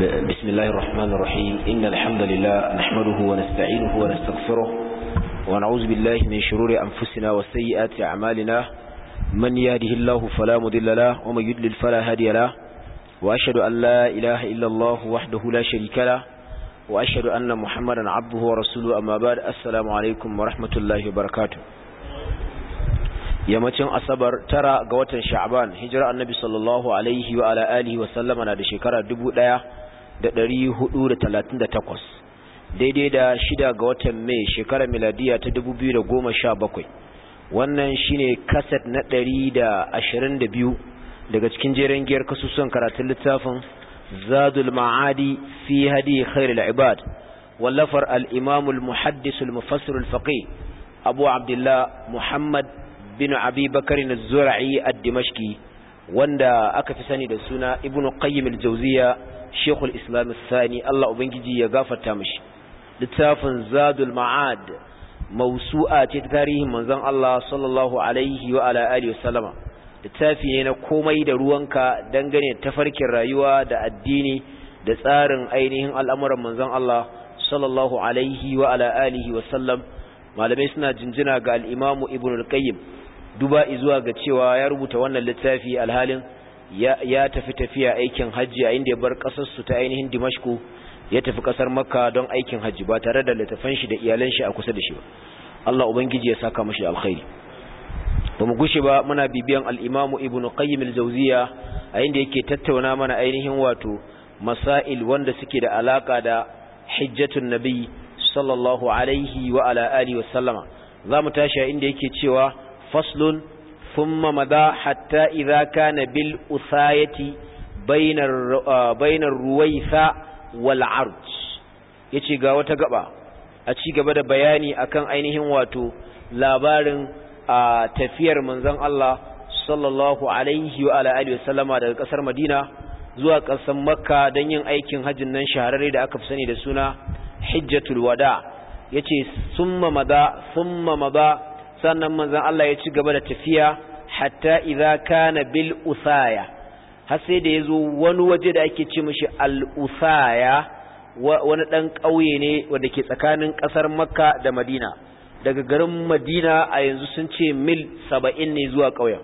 بسم الله الرحمن الرحيم إن الحمد لله نحمده ونستعينه ونستغفره ونعوذ بالله من شرور أنفسنا وسيئات أعمالنا من يهده الله فلا مضل له ومن يضلل فلا هادي له وأشهد أن لا إله إلا الله وحده لا شريك له وأشهد أن محمدا عبده ورسوله أما بعد السلام عليكم ورحمة الله وبركاته yammacin asabar tara ga watan sha'ban hijira annabi sallallahu alaihi wa ala alihi wa sallama na da shekara dubu ɗaya da ɗari hudu da talatin da takwas daidai da shida ga watan mai shekarar miladiya ta dubu biyu da goma sha bakwai wannan shine kaset na ɗari da ashirin da biyu daga cikin jeren giyar kasusun karatun littafin zadul ma'adi fi hadi khairul ibad wallafar al-imam al-muhaddis al-mufassir al-faqih abu abdullah muhammad bin abi bakar az-zura'i ad-dimashqi wanda aka fi sani da suna ibnu qayyim al-jawziya shekul islam sani Allah ubangiji ya gafarta mashi littafin zadul ma'ad mausu'a ce ta tarihin manzon Allah sallallahu alaihi wa ala littafi ne na komai da ruwanka dangane tafarkin rayuwa da addini da tsarin ainihin al'amuran manzon Allah sallallahu alaihi wa ala malamai suna jinjina ga Al'imamu imamu ibn al-qayyim duba izuwa ga cewa ya rubuta wannan littafi alhalin ya tafi tafiya aikin hajji a inda ya bar ƙasarsu ta ainihin dimashku ya tafi ƙasar makka don aikin hajji ba tare da littafan shi da iyalan shi a kusa da shi ba Allah ubangiji ya saka mashi alkhairi ba mu gushe ba muna bibiyan al'imamu ibn qayyim al-jawziya a inda yake tattauna mana ainihin wato masail wanda suke da alaka da hijjatun nabi sallallahu alaihi wa ala alihi wa sallama za tashi a inda yake cewa faslun thumma madha hatta idza kana bil usayati bainar Ruwaisa uh, ruwaitha wal arj yace ga wata gaba a ci gaba da bayani akan ainihin wato labarin a uh, tafiyar manzon Allah sallallahu alaihi wa ala alihi daga ƙasar Madina zuwa ƙasar Makka don yin aikin hajjin nan shahararre da aka fi sani da suna Hajjatul Wada yace summa madha summa madha sannan manzan Allah ya ci gaba da tafiya hatta idza kana bil usaya har sai da zo wani waje da ake ce mishi al usaya wani ɗan ƙauye ne wanda ke tsakanin ƙasar Makka da Madina daga garin Madina a yanzu sun ce mil 70 ne zuwa kauyen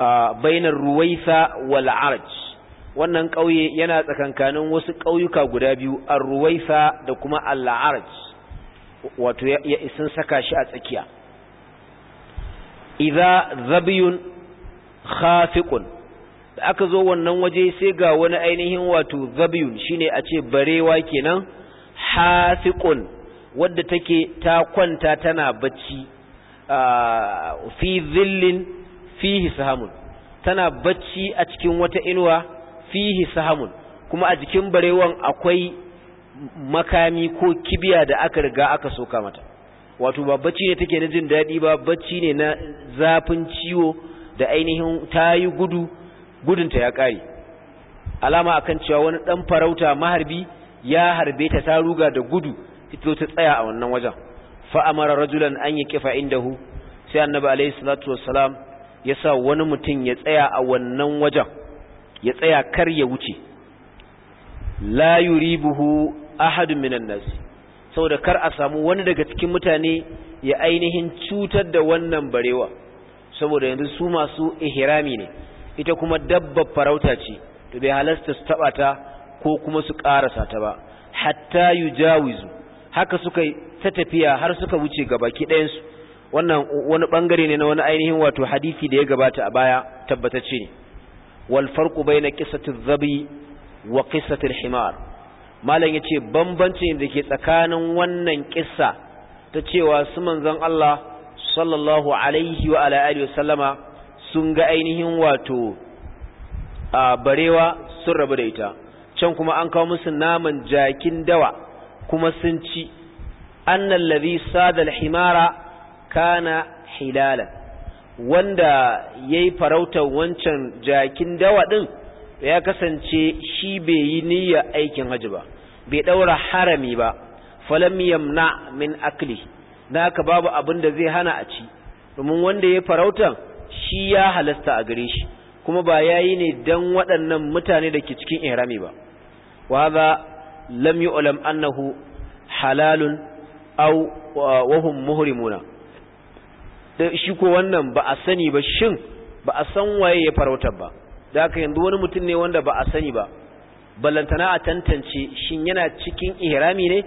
a bainar Ruwaisa wal Arj wannan ƙauye yana tsakankanin wasu ƙauyuka guda biyu ar-ruwaisa da kuma al-arj wato sun saka shi a tsakiya iza zabiyun khafiqun da aka zo wannan waje sai ga wani ainihin wato zabiyun shine a ce barewa kenan hafiqun wadda take ta kwanta tana bacci fi zillin fihi sahamun tana bacci a cikin wata inuwa fihi sahamun kuma a jikin barewan akwai makami ko kibiya da aka riga aka soka mata wato ba bacci ne take na jin daɗi ba bacci ne na zafin ciwo da ainihin ta yi gudu gudunta ya ƙare alama akan cewa wani ɗan farauta maharbi ya harbe ta ta ruga da gudu fito ta tsaya a wannan wajen fa'amara rajulan an yi kifa indahu sai annabi alaihi salatu wassalam ya sa wani mutum ya tsaya a wannan wajen ya tsaya kar ya wuce la yuribuhu ahadun minan nasi saboda kar a samu wani daga cikin mutane ya ainihin cutar da wannan barewa saboda yanzu su masu ihrami ne ita kuma dabbar farauta ce to bai halasta su taba ta ko kuma su karasa ta ba hatta yujawizu haka suka ta tafiya har suka wuce baki ɗayan su wannan wani bangare ne na wani ainihin wato hadisi da ya gabata a baya tabbatacce ne wal farqu bayna qissatiz zabi wa al himar malam yace bambancin da ke tsakanin wannan kissa ta cewa su manzon Allah sallallahu alaihi wa ala alihi wasallama sun ga ainihin wato a barewa sun rabu da ita can kuma an kawo musu naman jakin dawa kuma sun ci annal ladhi sadal himara kana hilalan wanda yayi farautar wancan jakin dawa din to ya kasance shi bai yi niyya aikin haji ba bai daura harami ba falam yamna min akli na aka babu abin da zai hana a ci domin wanda ya farauta shi ya halasta a gare shi kuma ba yayi ne dan waɗannan mutane da ke cikin ihrami ba wa hadha lam yu'lam annahu halalun aw wa hum muhrimuna shi ko wannan ba a sani ba shin ba a san waye ya farautar ba da aka yanzu wani mutum ne wanda ba a sani ba ballantana a tantance shin yana cikin ihrami ne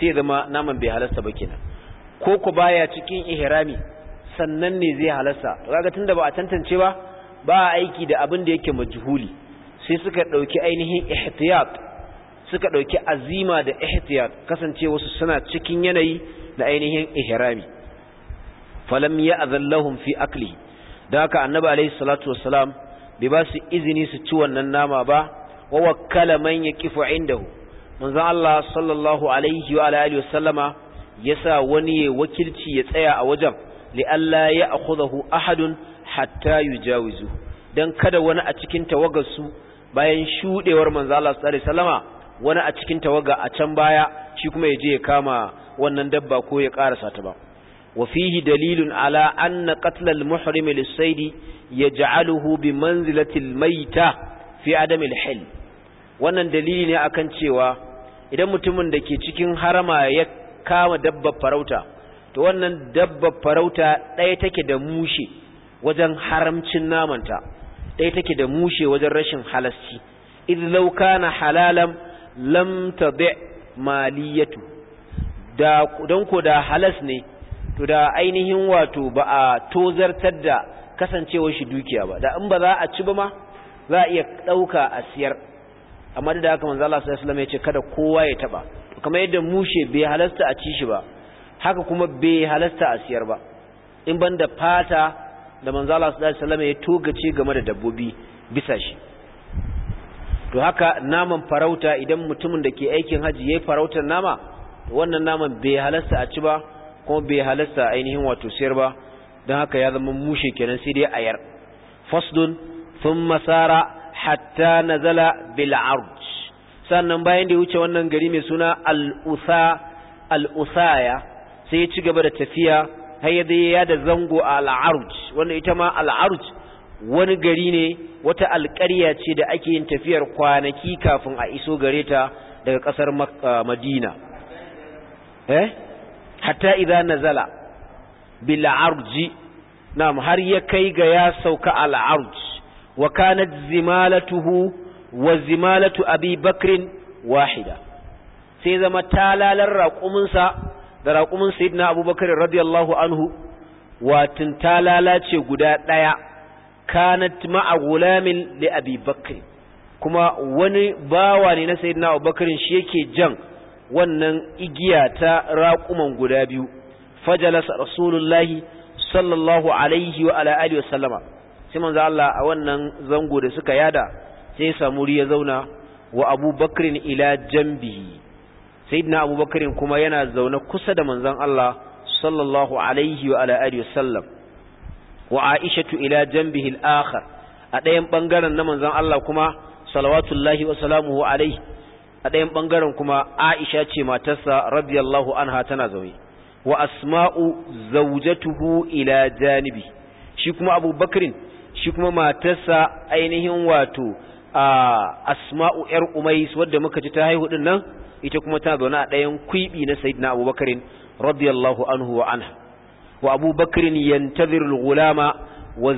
sai zama naman bai halasta ba kenan ko ku baya cikin ihrami sannan ne zai halasta kaga tunda ba a tantance ba ba a aiki da abin da yake majhuli sai suka dauki ainihin ihtiyat suka dauki azima da ihtiyat kasance wasu suna cikin yanayi da ainihin ihrami falam ya'zallahum fi akli da haka annabi alayhi salatu wassalam bai ba su izini su ci wannan nama ba wa wakkala man yaqifu indahu manzon Allah sallallahu alaihi wa alihi wa sallama yasa wani ya wakilci ya tsaya a wajen li alla ya'khudahu ahadun hatta yujawizu dan kada wani a cikin tawagar su bayan shudewar manzon Allah sallallahu alaihi wa wani a cikin tawaga a can baya shi kuma ya je ya kama wannan dabba ko ya karasa ta ba وفيه دليل على أن قتل المحرم للصيد يجعله بمنزلة الميتة في عدم الحل wannan dalili ne akan cewa idan mutumin da ke cikin harama ya kama dabbar farauta to wannan dabbar farauta ɗaya take da mushe wajen haramcin namanta ɗaya take da mushe wajen rashin halasci idh kana halalan lam tabi maliyatu da don ko da halas ne to da ainihin wato ba a tozartar da kasancewar shi dukiya ba da in ba za a ci ba ma za a iya ɗauka a siyar amma da haka manzo Allah sallallahu alaihi ya ce kada kowa ya taba kamar yadda mushe bai halasta a ci shi ba haka kuma bai halasta a siyar ba in banda fata da manzo Allah sallallahu alaihi ya togace game da dabbobi bisa shi to haka naman farauta idan mutumin da ke aikin haji yayi farautar nama wannan naman bai halasta a ci ba kuma bai halasta ainihin wato siyar ba don haka ya zama mushe kenan sai dai ayar fasdun sun masara hatta nazala bil arj sannan bayan da ya wuce wannan gari mai suna al'usaya sai ya ci gaba da tafiya har ya ya da zango a al wanda ita ma al wani gari ne wata alƙarya ce da ake yin tafiyar kwanaki kafin a iso gareta daga ƙasar madina eh hatta idza nazala bil arji na'am har ya kai ga ya sauka al arj wa kanat zimalatuhu wa zimalatu abi bakr wahida sai zama talalar raƙuminsa da raƙumin sayyidina abubakar radiyallahu anhu watin talala ce guda ɗaya kanat ma'a gulamin li abi bakr kuma wani bawa ne na sayyidina abubakar shi yake jan wannan igiya ta raƙuman guda biyu fajalasa rasulullahi sallallahu alaihi wa ala alihi wasallama sai manzo Allah a wannan zango da suka yada sai ya samu ya zauna wa Abu Bakrin ila jambihi sayyidina Abu Bakrin kuma yana zaune kusa da manzon Allah sallallahu alaihi wa ala alihi wasallam wa Aishatu ila jambihi al-akhar a ɗayan bangaren na manzon Allah kuma salawatullahi wa salamuhu alaihi a ɗayan ɓangaren kuma aisha ce matarsa radiyallahu anha tana zaune wa asma'u zaujatuhu ila janibi shi kuma abubakrin shi kuma matarsa ainihin wato a asma'u yar umais wadda muka ji ta haihu din nan ita kuma tana zaune a ɗayan kwiɓi na sayyidina abubakrin radiyallahu anhu wa anha wa abubakrin yantazir al-ghulama waz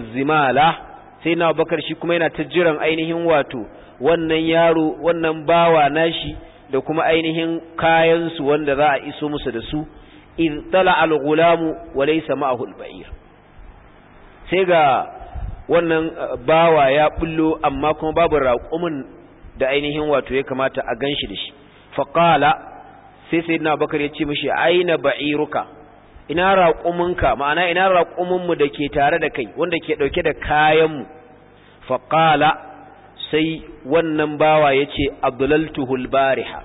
sai na bakar shi kuma yana ta jiran ainihin wato wannan yaro wannan bawa nashi da kuma ainihin kayansu wanda za a iso musu da su in tala al-gulamu wa laysa ma'ahu al-ba'ir sai ga wannan uh, bawa ya bullo amma kuma babu raqumin da ainihin wato ya kamata a ganshi da shi faqala sai sayyidina bakar ya ce mishi aina ba'iruka ina raƙuminka ma'ana ina raƙuminmu da ke tare da kai wanda ke ɗauke da kayanmu faƙala sai wannan bawa ya ce abdulaltuhul bariha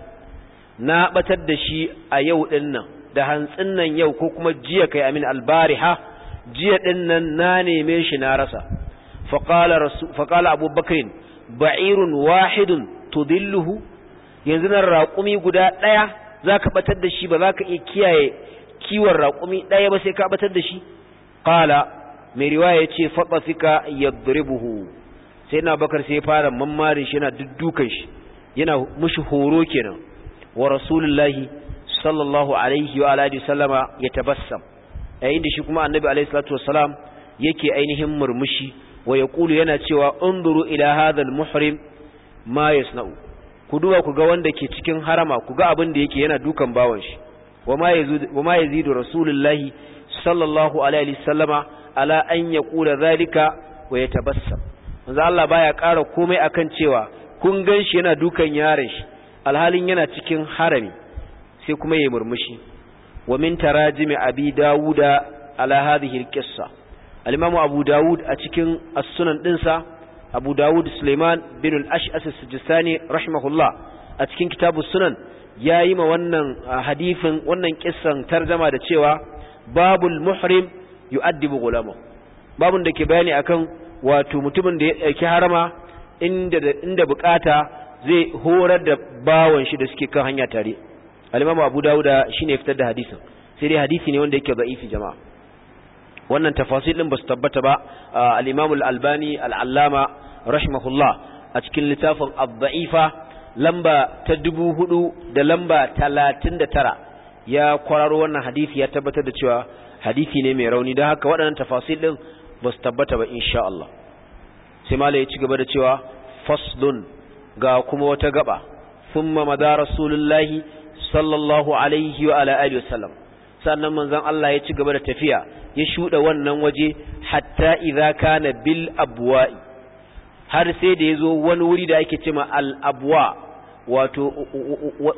na ɓatar da shi a yau ɗin da hantsin nan yau ko kuma jiya kai amin albariha jiya ɗin na neme shi na rasa faƙala abubakarin ba'irun wahidun tudilluhu yanzu nan raƙumi guda ɗaya za ka ɓatar da shi ba za ka iya kiyaye kiwon raƙumi ɗaya ba sai ka batar da shi ƙala mai riwaya ya fatafika yadribuhu sai na bakar sai fara mammarin shi yana duddukan shi yana mushi horo kenan wa rasulullahi sallallahu alaihi wa alihi sallama ya tabassam yayin da shi kuma annabi alaihi salatu wassalam yake ainihin murmushi wa yaqulu yana cewa unduru ila hadha muhrim ma yasna'u ku duba ku ga wanda ke cikin harama ku ga abin da yake yana dukan bawon shi وما يزيد رسول الله صلى الله عليه وسلم على أن يقول ذلك ويتبسم wanzu Allah baya ƙara komai akan cewa kun ganshi yana dukan yaron shi alhalin yana cikin harami sai kuma yayi murmushi wa min tarajimi abi dauda ala hadhihi alqissa al abu Dawud a cikin as-sunan dinsa abu Dawud Suleiman bin al-ash'as as-sijistani rahimahullah a cikin kitabu sunan ya yi ma wannan hadifin wannan kissan tarjama da cewa babul muhrim yu'addibu gulama babun da ke bayani akan wato mutumin da ya ɗauki harama inda inda bukata zai horar da bawon shi da suke kan hanya tare al-imamu abu dauda shine ya fitar da hadisin sai dai hadisi ne wanda yake da'ifi jama'a wannan tafasil din ba su tabbata ba al-imamu al-albani al-allama rahimahullah a cikin littafin ad-da'ifa lamba ta dubu hudu da lamba talatin da tara ya kwararo wannan hadisi ya tabbatar da cewa hadithi ne mai rauni don haka waɗannan tafasil ɗin ba su tabbata ba insha Allah sai malai ya ci gaba da cewa faslun ga kuma wata gaba sun ma maza rasulullahi sallallahu alaihi wa ala alihi wasallam sannan manzon Allah ya ci gaba da tafiya ya shuɗe wannan waje hatta idza kana bil abwa'i har sai da ya zo wani wuri da ake cewa al abwa wato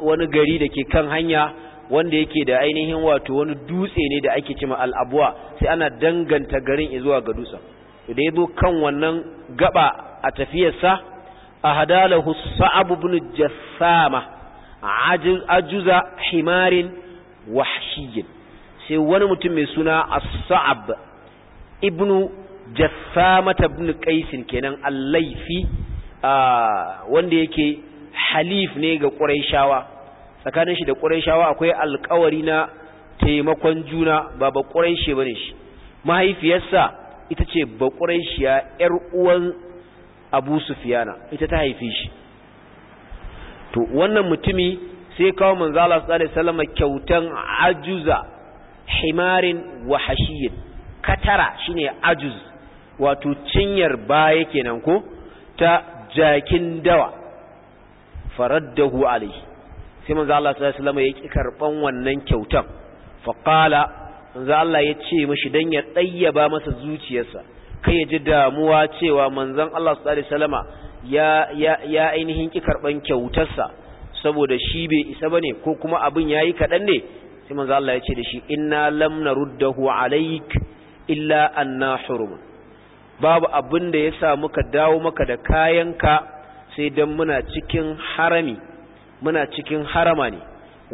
wani gari da ke kan hanya wanda yake da ainihin wato wani dutse ne da ake cima al'abuwa sai ana danganta garin zuwa ga dutsen da ya zo kan wannan gaba a tafiyarsa a hadalahu sa'abu bin jassama ajuza himarin wahshiyin sai wani mutum mai suna as-sa'ab ibnu jassama bin kaisin kenan al fi ah, wanda yake halif ne ga ƙuraishawa tsakanin shi da ƙuraishawa akwai alƙawari na taimakon juna ba ba ƙuraishe bane shi mahaifiyarsa ita ce ba ƙuraishiya ƴar uwan Abu Sufyana ita ta haife shi to wannan mutumi sai kawo manzo Allah sallallahu alaihi kyautan ajuza himarin wa hashiyin katara shine ajuz wato cinyar baya kenan ko ta jakin dawa faraddahu alayhi sai manzo Allah sallallahu alaihi wasallam ya ki karban wannan kyautan fa qala manzo Allah ya ce mishi dan ya tsayyaba masa zuciyarsa kai ya ji damuwa cewa manzon Allah sallallahu alaihi ya ya ya ainihin ki karban kyautarsa saboda shi bai isa bane ko kuma abin yayi kadan ne sai manzo Allah ya ce da shi inna lam naruddahu alayk illa anna hurum babu abin da ya sa muka dawo maka da kayanka sai dan muna cikin harami muna cikin harama ne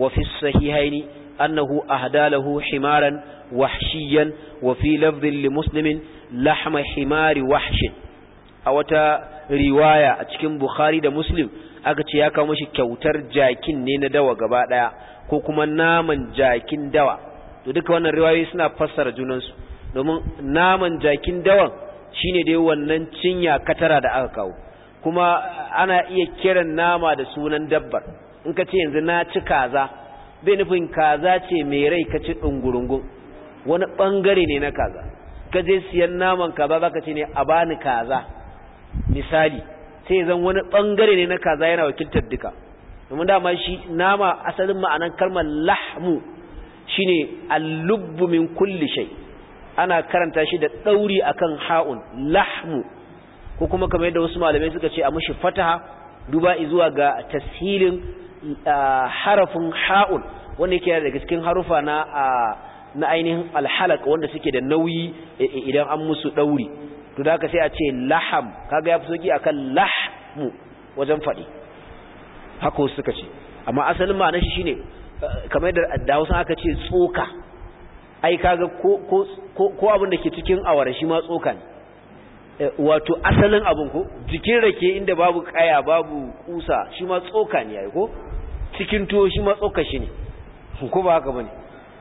wa sahihaini annahu ahdalahu himaran wahshiyan wa fi lafdhin li muslimin lahma himari wahshin a wata riwaya a cikin bukhari da muslim aka ce ya kawo mashi kyautar jakin ne na dawa gaba daya ko kuma naman jakin dawa to duka wannan riwayoyi suna fassara junansu domin naman jakin dawan shine dai wannan cinya katara da aka kawo kuma ana iya kiran nama da sunan dabbar in ka ce yanzu na ci kaza bai nufin kaza ce mai rai ka ci ɗungurungun wani ɓangare ne na kaza ka je siyan naman kaza ba ka ce ne a bani kaza misali sai zan wani ɓangare ne na kaza yana wakiltar duka domin dama shi nama asalin ma'anan kalmar lahmu shine allubbu min kulli shay ana karanta shi da ɗauri akan ha'un lahmu ko kuma kamar yadda wasu malamai suka ce a mushi fataha duba izuwa ga tashilin harafin ha'un wanda yake daga cikin harufa na na ainihin alhalaq wanda suke da nauyi e, e, idan an musu dauri to da haka sai a ce laham kaga yafi soki akan lahmu wajen fadi haka suka ce amma asalin ma'anar shi shine kamar da da wasu aka ce tsoka ai kaga ko ko ko abin da ke cikin awara shi ma tsoka ne Eh, wato asalin abin ko jikin rake inda babu kaya babu kusa shi ma tsoka ne yayi ko cikin tuwo shi ma tsoka shi ne ko ba haka bane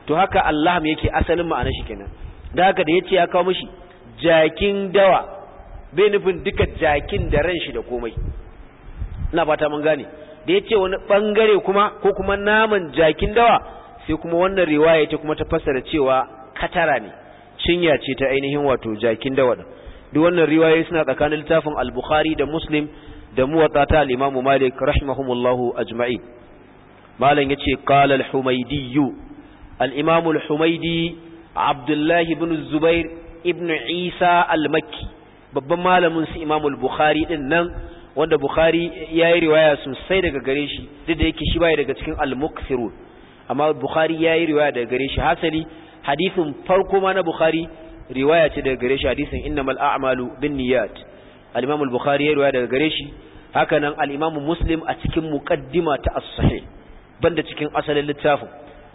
to haka Allah mai yake asalin ma'anar shi kenan da haka da yace ya kawo mishi jakin dawa bai nufin duka jakin da ran shi da komai ina fata mun gane da yace wani bangare kuma ko kuma naman jakin dawa sai kuma wannan riwaya ita kuma ta fassara cewa katara ne cinya ce ta ainihin wato jakin dawa din duk wannan riwayoyi suna tsakanin littafin al-bukhari da muslim da muwatta ta al-imamu malik rahimahumullahu ajma'in malam yace qala al-humaydi al-imamu al-humaydi abdullahi ibn zubair ibn isa al-makki babban malamin su imamu al-bukhari din nan wanda bukhari yayi riwaya sosai daga gare shi duk da yake shi bai daga cikin al-mukthirun amma bukhari yayi riwaya daga gare shi hasali hadisin farko ma na bukhari riwaya ce daga gare shi hadisin innamal a'malu binniyat al-imam al-bukhari ya riwaya daga gare shi hakanan al-imam muslim a cikin muqaddima ta as-sahih banda cikin asalin littafin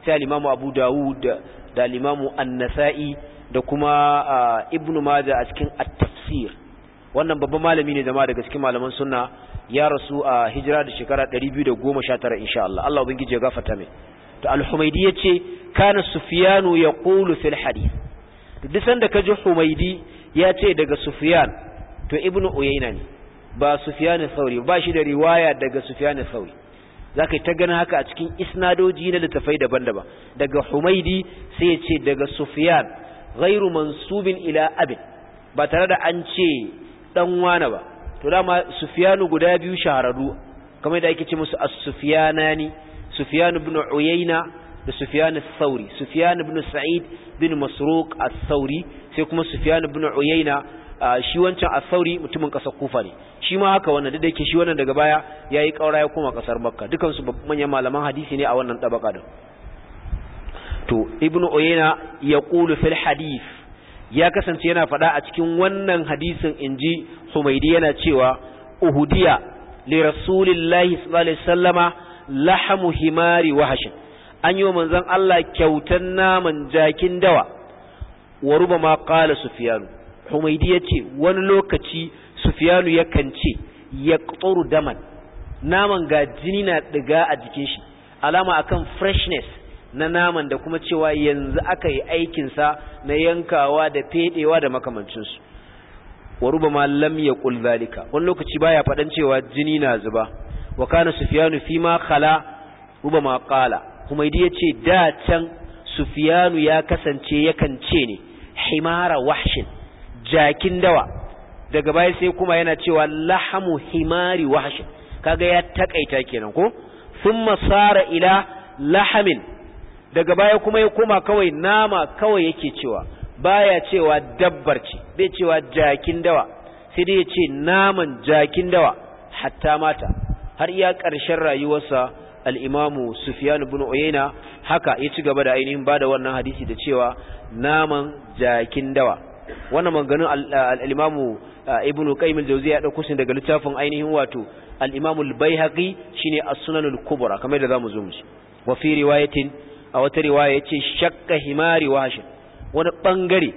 sai al-imam abu da'ud da al-imam an-nasa'i da kuma ibn majah a cikin at-tafsir wannan babban malami ne jama'a daga cikin malaman sunna ya rasu a hijira da shekara 219 insha Allah Allah ubangiji ya gafarta mai to al-humaydi yace kana sufyanu yaqulu fil hadith duk sanda ka ji humaidi ya ce daga sufyan to ibnu uyayna ne ba sufiyan sauri ba shi da riwaya daga sufiyan sauri zaka ta gani haka a cikin isnadoji na littafai daban-daban daga humaidi sai ya ce daga sufyan ghairu mansubin ila abin ba tare da an ce dan wane ba to dama sufyanu guda biyu shahararru kamar da ake ce musu as-sufyanani sufiyan ibn uyayna da Sufyan al-Thawri Sufyan ibn Sa'id bin Masruq al-Thawri sai kuma Sufyan ibn Uyayna shi wancan al-Thawri mutumin kasar Kufa ne shi ma haka wannan da yake shi wannan daga baya yayi kaura ya koma kasar Makka dukan su manyan malaman hadisi ne a wannan tabaka din to Ibn Uyayna kulu fil hadith ya kasance yana fada a cikin wannan hadisin inji Humaydi yana cewa Uhudiya li Rasulillahi sallallahu alaihi wasallama lahamu himari wahashin an yi wa manzon Allah kyautan naman jakin dawa wa kala Sufiyanu. humaidi ya ce wani lokaci ya yakan ce tsoro daman naman ga jini na diga a jikin shi alama akan freshness na naman da kuma cewa yanzu aka yi aikinsa na yankawa da fedewa da makamancinsu wa ma lam kul zalika wani lokaci baya faɗan cewa jini na zuba wa kana ma kala, ruba ma kala humaidi ya ce da can sufiyanu ya kasance yakan ce ne himara wahshin jakin dawa daga baya sai kuma yana cewa lahamu himari wahshin kaga ya takaita kenan ko thumma sara ila lahamin daga baya kuma ya koma kawai nama kawai yake cewa baya cewa dabbar ce bai cewa jakin dawa sai dai ya ce naman jakin dawa hatta mata har iya ƙarshen rayuwarsa al'imamu Sufiyanu bin Oyena haka ya ci gaba da ainihin ba da wannan hadisi da cewa naman jakin dawa wannan manganin al'imamu uh, ibn qaimul da ya ɗauko shi daga littafin ainihin wato al'imamu al shi shine a sunanul kubra kamar da zamu zo mu ci wa fi riwayatin a wata riwaya ce shakka himari washin wani bangare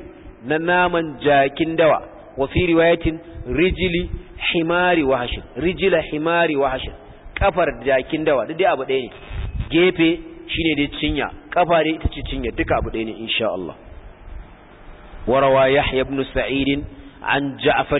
na naman jakin dawa wa riwayatin rijili himari washin rijila himari washin kafar jakin dawa duk dai abu ɗaya ne gefe shine dai cinya kafa dai ita ce cinya duka abu ɗaya ne insha Allah rawa yahya ibn sa'id an ja'far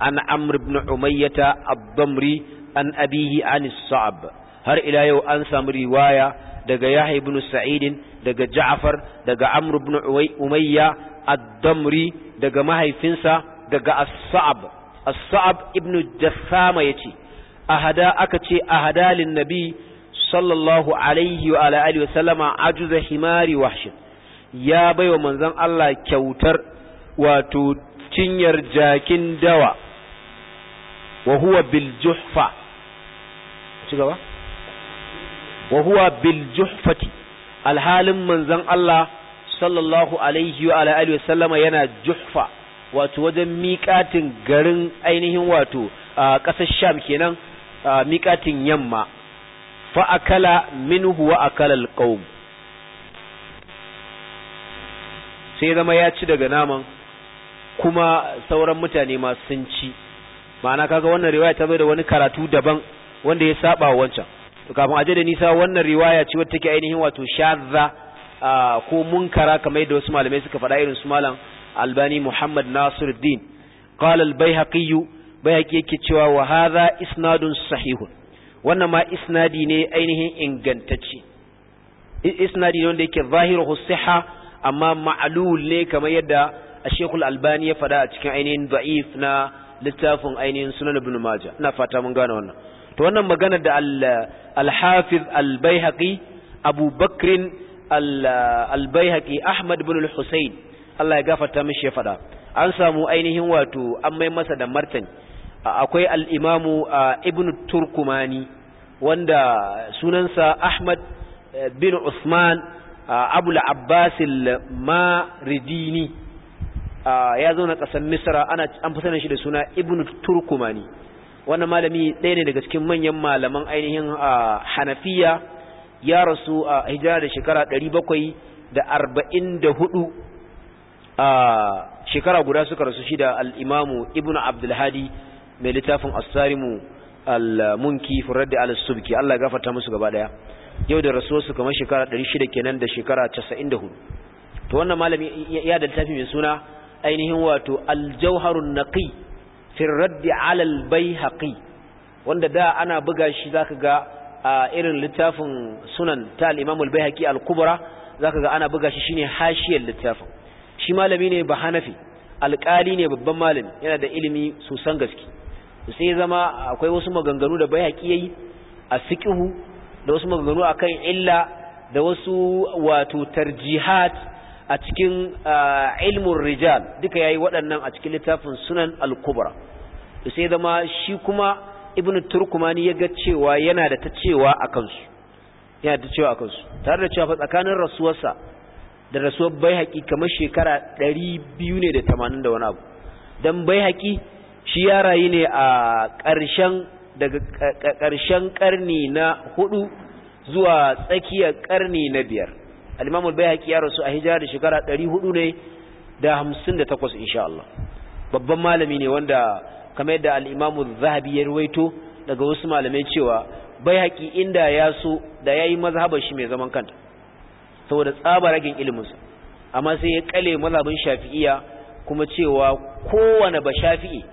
an amr ibn umayyah ad-damri an abihi an sa'ab har ila yau an samu riwaya daga yahya ibn sa'id daga ja'far daga amr ibn umayyah ad-damri daga mahaifinsa daga as-sa'ab as-sa'ab ibn jassama yace ahada aka ce ahada lin nabi sallallahu alaihi wa ala wa sallama ajuza himari wahshin ya baiwa manzan Allah kyautar wato cinyar jakin dawa wa huwa bil juhfa ci gaba wa huwa bil juhfati alhalin manzan Allah sallallahu alaihi wa ala wa sallama yana juhfa wato wajen miƙatin garin ainihin wato a ƙasar sham kenan miƙatin yamma fa akala minhu wa akala alqawm sai zama ya ci daga naman kuma sauran mutane ma sun ci ma'ana kaga wannan riwaya ta zo da wani karatu daban wanda ya saba wancan to kafin aje da nisa wannan riwaya ce wacce take ainihin wato shadza ko munkara kamar yadda wasu malamai suka faɗa irin su malam albani muhammad nasiruddin qala al bayaki yake cewa wa hadha isnadun sahihun wannan ma isnadi ne ainihin ingantacce isnadi ne wanda yake zahiru siha amma ma'lul ne kamar yadda Sheikhul Albani ya fada a cikin ainihin da'if na littafin ainihin Sunan Ibn Majah ina fata mun gane wannan to wannan magana da Al-Hafiz Al-Baihaqi Abu Bakr Al-Baihaqi Ahmad ibn Al-Husayn Allah ya gafarta mishi ya fada an samu ainihin wato an mai masa da martani akwai al'imamu ibn turkumani wanda sunansa ahmad eh, bin usman abul abbasil maridini ya zauna ƙasar misra ana an fi sanar shi da suna ibn turkumani wannan malami ɗaya ne daga cikin manyan malaman ainihin hanafiya ya rasu a hijira da shekara 744 a shekara guda suka rasu shida al'imamu ibn abdulhadi mai littafin asarimu al-munki furar da al-subki Allah gafarta musu gaba daya yau da rasuwar su kamar shekara 600 kenan da shekara 94 to wannan malami ya da littafi mai suna ainihin wato al-jawharun naqi fi raddi ala al bayhaqi wanda da ana buga shi zaka ga a irin littafin sunan ta al-imam al bayhaqi al-kubra zaka ga ana buga shi shine hashiyar littafin shi malami ne bahanafi alƙali ne babban malami yana da ilimi sosan gaske sai zama akwai wasu maganganu da bayhaqi yayi a sikihu da wasu maganganu akan illa da wasu wato tarjihat a cikin ah, ilmun rijal duka yayi waɗannan a cikin littafin sunan al-kubra sai zama shi kuma ibnu turkumani ya ga cewa yana da ta cewa a kansu yana da cewa a kansu tare da cewa tsakanin rasuwarsa da rasuwar bai haƙi kamar shekara 280 da wani abu don bai haƙi shi ya rayu ne a ƙarshen daga ƙarshen ƙarni na hudu zuwa tsakiyar ƙarni na biyar alimamul bai haƙi ya rasu a hijira da shekara ɗari hudu ne da hamsin 58 insha Allah babban malami ne wanda kamar yadda alimamun zahabi ya ruwaito daga wasu malamai cewa bai haƙi inda ya so da yayi mazhabar shi mai zaman kanta saboda tsaba ragin ilimin amma sai ya kale mazhabin shafi'iya kuma cewa kowane ba shafi'i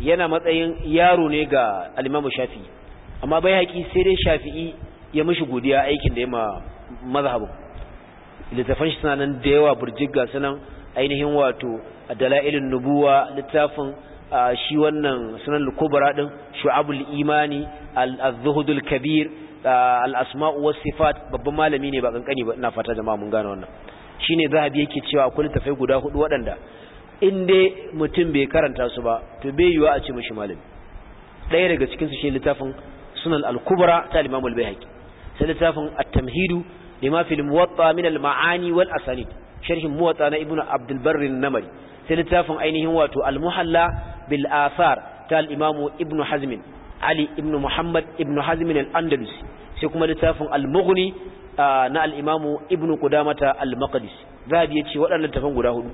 yana matsayin yaro ne ga alimamu shafi Shafi'i amma haƙi sai dai Shafi'i ya mishi godiya aikin da ya ma mazhabin littafan shi suna nan da yawa burjiga sunan ainihin wato dalailin nubuwa littafin shi wannan sunan lukubara kubra din shu'abul imani al-zuhudul kabir al-asma'u was sifat babban malami ne ba kankani ba na fata jama'a mun gane wannan shine zahabi yake cewa akwai littafai guda hudu waɗanda in dai mutum bai karanta su ba to bai yiwa a ce mashi malami ɗaya daga cikin su shi littafin sunan al-kubra ta limamu al-bayhaqi sai littafin at-tamhidu lima fil muwatta min al-ma'ani wal asanid sharhin muwatta na ibnu abdul barr an-namari sai littafin ainihin wato al-muhalla bil athar ta al imamu ibnu hazm ali ibnu muhammad ibnu hazm al-andalusi sai kuma littafin al-mughni ah, na al imamu ibnu qudamata al-maqdisi zabi yace waɗannan tafan guda hudu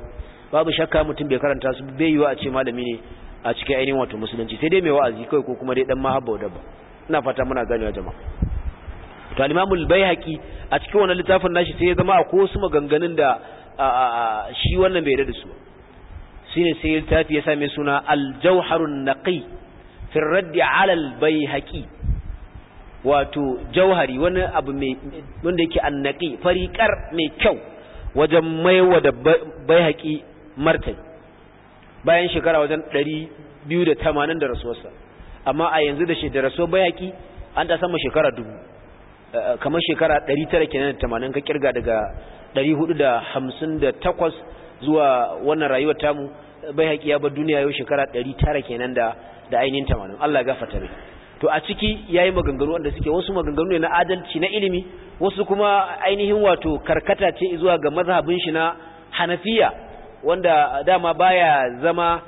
babu shakka mutum bai karanta su bai yiwa a ce malami ne a cikin ainihin wato musulunci sai dai mai wa'azi kai ko kuma dai dan mahabba da ba ina fata muna ganewa jama'a to al-Imam al-Baihaqi a cikin wannan littafin nashi sai ya zama akwai wasu maganganun da shi wannan bai da su shine sai littafi ya same suna al-Jawharun Naqi fi ar-radd 'ala al-Baihaqi wato jauhari wani abu mai wanda yake annaqi fariqar mai kyau wajen maiwa da Baihaqi martai bayan shekara wajen 280 da rasuwarsa amma a yanzu da shekara so bayaki an ta sama shekara dubu eh, kamar shekara 980 kenan da ka kirga daga 458 zuwa wannan rayuwar tamu bayaki ya bar duniya yau shekara 900 kenan da da ainihin tamanin Allah ya gafarta mai to a ciki yayi maganganu wanda suke wasu maganganu ne na adalci na ilimi wasu kuma ainihin wato karkata ce zuwa ga mazhabin shi na Hanafiya wanda dama baya zama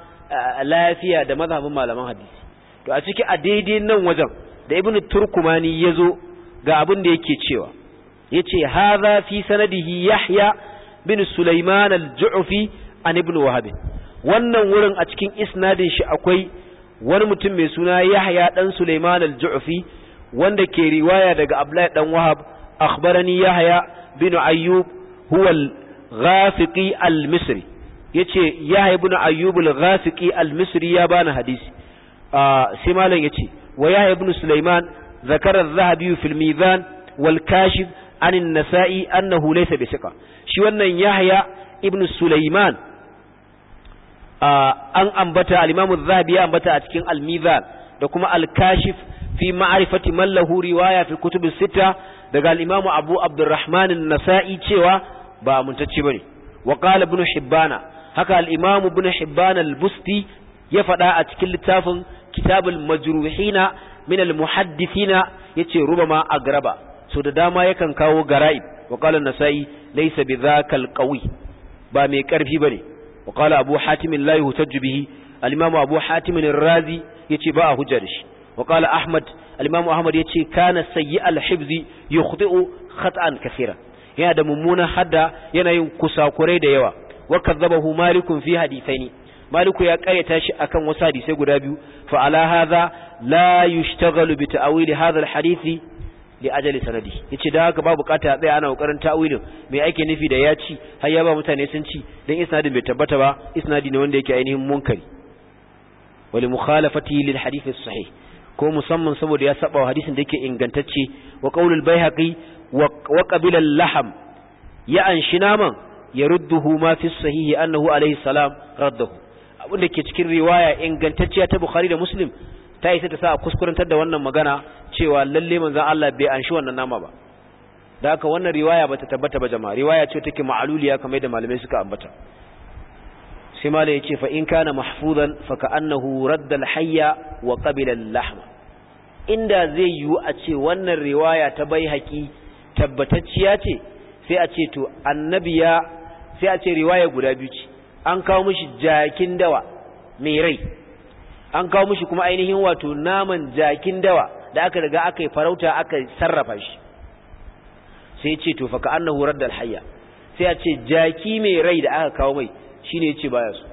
lafiya da mazhabin malaman hadisi to a ciki a daidai nan wajen da ibnu turkumani yazo ga abin da yake cewa yace hadha fi sanadihi yahya bin sulaiman al-ju'fi an ibnu wahab wannan wurin a cikin isnadin shi akwai wani mutum mai suna yahya dan sulaiman al-ju'fi wanda ke riwaya daga abdullahi dan wahab akhbarani yahya bin ayyub huwa al-ghafiqi al-misri yace ya ibn ayyub al-ghafiqi al-misri ya bani hadisi ah, sai malam yace wa ya ibn sulaiman zakara az-zahabi fil mizan wal kashif an nasai annahu laysa bi thiqa shi wannan yahya ibn sulaiman ah, an ambata al-imam az-zahabi ya ambata a cikin al-mizan da kuma al-kashif fi ma'rifati man lahu riwaya fi kutub daga al-imam abu abdurrahman an-nasa'i cewa ba muntacci bane wa qala ibn hibbana haka alimamu bin ibn hibban al-busti ya faɗa a cikin littafin kitabul majruhina min al-muhaddithina yace rubama agraba so da dama yakan kawo gara'ib wa qala an-nasa'i laysa bidhaka al-qawi ba mai karfi bane wa qala abu hatim la yuhtaju bihi al-imam abu hatim ar-razi yace ba a hujja da shi wa qala ahmad al-imam ahmad yace kana sayyi al-hibzi yukhti'u khata'an kaseera yana da mummunan hadda yana yin kusakurai da yawa wa kadzabahu malikun fi hadithaini maliku ya karyata shi akan wasu hadisai guda biyu fa ala hadha la yushtaghalu bi ta'wil hadha al-hadithi li ajali sanadi yace da haka ba bukata a tsaya ana kokarin ta'wilin me ake nufi da ya ci har ya ba mutane sun ci dan isnadin bai tabbata ba isnadi ne wanda yake ainihin munkari wal mukhalafati lil hadith sahih ko musamman saboda ya saba hadisin da yake ingantacce wa qaulul bayhaqi wa qabila laham ya an naman yarudduhu ma fi sahihi annahu Alayhi salam raddahu abin da ke cikin riwaya ingantacciya ta Bukhari da Muslim ta isa ta sa a kuskurantar da wannan magana cewa lalle manzon Allah bai anshi wannan nama ba da haka wannan riwaya bata tabbata ba jama'a riwaya ce take ma'aluliya kamar da malamai suka ambata sai malai yace fa in kana mahfuzan fa annahu radda al-hayya wa qabila al-lahma inda zai yiwu a ce wannan riwaya ta bai haƙi tabbatacciya ce sai a ce to annabi ya sai a ce riwaya guda biyu ce an kawo mishi jakin dawa mai rai an kawo mishi kuma ainihin wato naman jakin dawa da aka riga aka yi farauta aka sarrafa shi sai ce to faka annahu da hayya sai a ce jaki mai rai da aka kawo mai shine yace baya su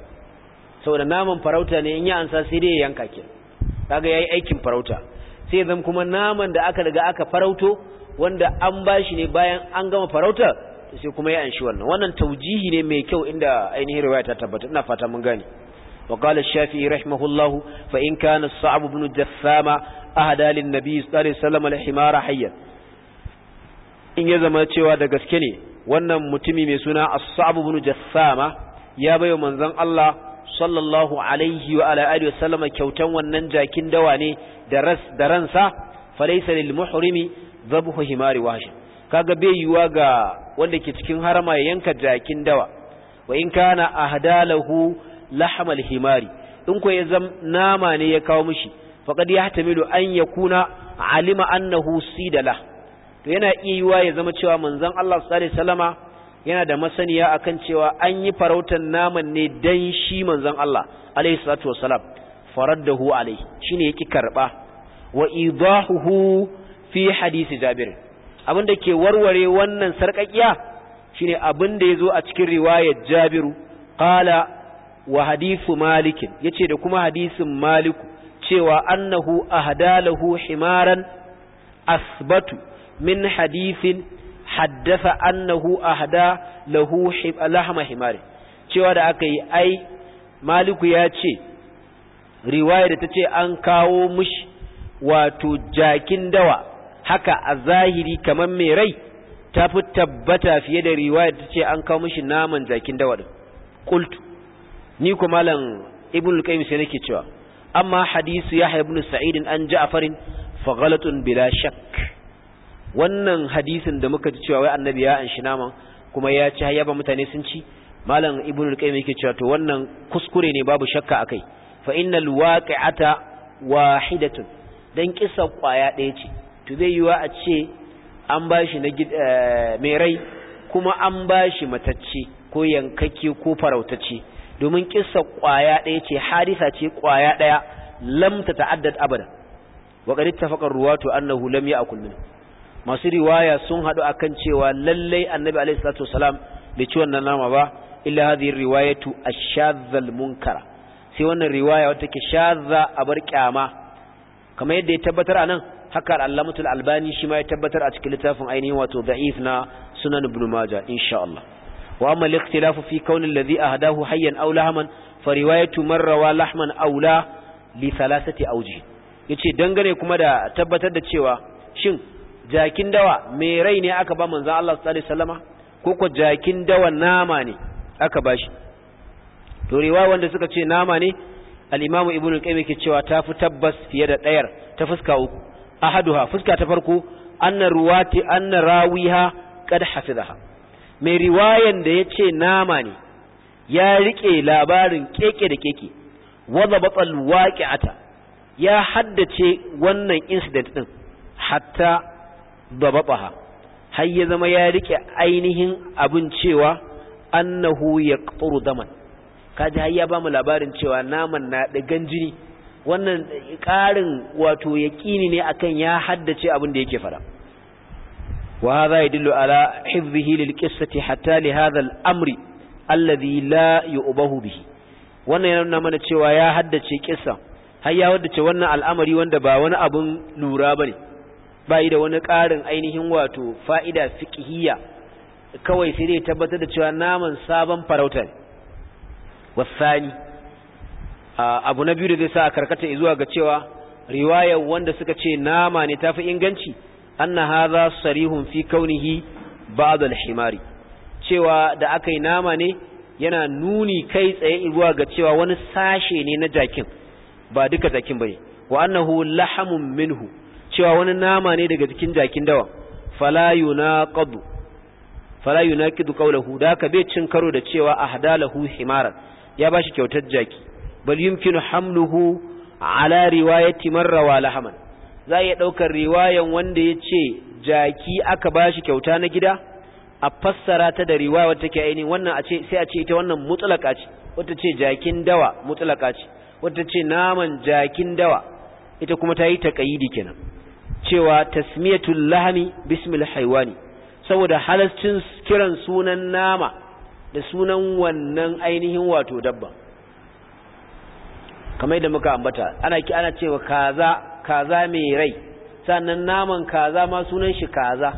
saboda naman farauta ne in ya ansa sai dai ya yanka ke kaga yayi aikin farauta sai zan kuma naman da aka riga aka farauto wanda an bashi ne bayan an gama farauta sai kuma ya anshi wannan wannan taujihi ne mai kyau inda ainihin riwaya ta tabbata ina fata mun gane wa qala shafi'i rahimahullahu fa in kana sa'ab ibn jassama ahada lin nabi sallallahu alaihi wasallam al himara hayyan in ya zama cewa da gaske ne wannan mutumi mai suna as-sa'ab ibn jassama ya bayo manzon Allah sallallahu alaihi wa ala alihi wasallama kyautan wannan jakin dawa ne da ras da ransa falaysa lil muhrimi dhabhu himari wahshin kaga bai yiwa ga wanda ke cikin harama ya yanka jakin dawa wa in kana ahdalahu lahm himari in ko ya zam nama ne ya kawo mishi faqad yahtamilu an yakuna alima annahu sidala to yana iya yiwa ya zama cewa manzon Allah sallallahu alaihi wasallama yana da masaniya akan cewa an yi farautar naman ne dan shi manzon Allah alaihi salatu wasalam faraddahu alaihi shine yake karba wa idahuhu fi hadisi jabir abin da ke warware wannan sarƙaƙiya shine abin da ya zo a cikin riwayar jabiru ƙala wa hadithu malikin yace da kuma hadisin maliku cewa annahu ahdalahu himaran asbatu min hadisin haddasa annahu ahda lahu lahma himar. cewa da aka yi ai maliku ya ce riwayar ta ce an kawo mushi wato jakin dawa haka a zahiri kamar mai rai ta fi tabbata fiye da riwaya ta ce an kawo mishi naman jakin dawaɗin ƙultu ni kuma lan ibn al-qayyim sai nake cewa amma hadisu ya ibn sa'id an ja'farin fa ghalatun bila shakk wannan hadisin da muka ci cewa wai annabi ya anshi naman kuma ya ci hayaba mutane sun ci malam ibn al-qayyim yake cewa to wannan kuskure ne babu shakka akai fa innal waqi'ata wahidatun dan kisa kwaya ɗaya ce to zai yiwa a ce an ba shi eh, mai rai kuma an ba shi matacce ko yankakke ko farautacce domin kisa kwaya ɗaya ce hadisa ce kwaya ɗaya lamta ta'addad abada wa qad ittafaqa ruwatu annahu lam ya'kul min masu riwaya sun hadu akan cewa lallai annabi alaihi salatu wasalam bai ci wannan nama ba illa hadhihi riwayatu ashadhal shadha munkara sai wannan riwaya wata ke shadha abar kyama kamar yadda ya tabbatar anan haka al'allamatul albani shi ma ya tabbatar a cikin littafin ainihin wato da'if na sunan ibn maja insha Allah wa amma al fi kawn alladhi ahdahu hayyan aw lahman fa riwayatu man rawa lahman aw la li thalathati yace dangane kuma da tabbatar da cewa shin jakin dawa me rai ne aka ba manzon Allah sallallahu alaihi wasallama ko ko jakin dawa nama ne aka bashi to riwaya wanda suka ce nama ne al-imamu ibnu al-qayyim yake cewa tafi tabbas fiye da dayar ta fuska uku ahaduha fuska ta farko anna ruwati anna rawiha qad hafizaha mai riwayan da yace nama ne ya rike labarin keke da keke wadda batsal waqi'ata ya haddace wannan incident din hatta babaha har ya zama ya rike ainihin abin cewa annahu yaqturu daman kaji har ya bamu labarin cewa naman na digan jini wannan ƙarin wato yaƙini ne akan ya haddace abin da yake fara wa hadha yadullu ala hifdhihi lil qissati hatta li hadha al amri alladhi la yu'bahu bihi wannan yana nuna mana cewa ya haddace kissa har ya haddace wannan al'amari wanda ba wani abun lura bane ba yi da wani ƙarin ainihin wato fa'ida fiqhiyya kawai sai dai tabbatar da cewa naman sabon farautar ne wasani abu na biyu da zai sa a karkata zuwa ga cewa riwaya wanda suka ce nama ne tafi inganci anna hadha sarihun fi kaunihi ba'd al-himari cewa da aka yi nama ne yana nuni kai tsaye zuwa ga cewa wani sashe ne na jakin ba duka jakin bane wa annahu lahamun minhu cewa wani nama ne daga cikin jakin dawa fala yunaqad fala yunaqidu qawluhu da ka bai cin karo da cewa ahdalahu himaran ya bashi kyautar jaki bal yumkinu hamluhu ala riwayati man rawa lahaman za ya daukar riwayan wanda yace jaki aka bashi kyauta na gida a fassara ta da riwaya take aini wannan a ce sai a ce ita wannan mutsalaka ce wata ce jakin dawa mutsalaka ce wata ce naman jakin dawa ita kuma ta yi taqayidi kenan cewa tasmiyatul lahmi bismil haywani saboda halascin kiran sunan nama da sunan wannan ainihin wato dabba kamar yadda muka ambata ana ki ana cewa kaza kaza mai rai sannan naman kaza ma sunan shi kaza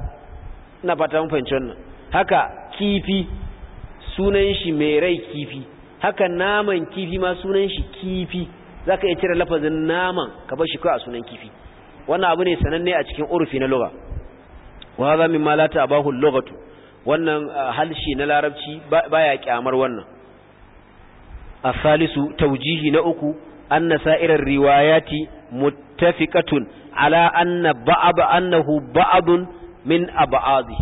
ina fata mun fahimci wannan haka kifi sunan shi mai rai kifi haka naman kifi ma sunan shi kifi zaka iya cire lafazin naman ka bar shi kawai a sunan kifi wannan abu ne sananne a cikin urfi na lugha wa hadha mimma la ta'abahu lughatu wannan ah, halshi na larabci baya kyamar wannan asalisu taujihi na uku anna sa'irar riwayati muttafiqatun ala anna ba'ab annahu ba'adun min ab'adi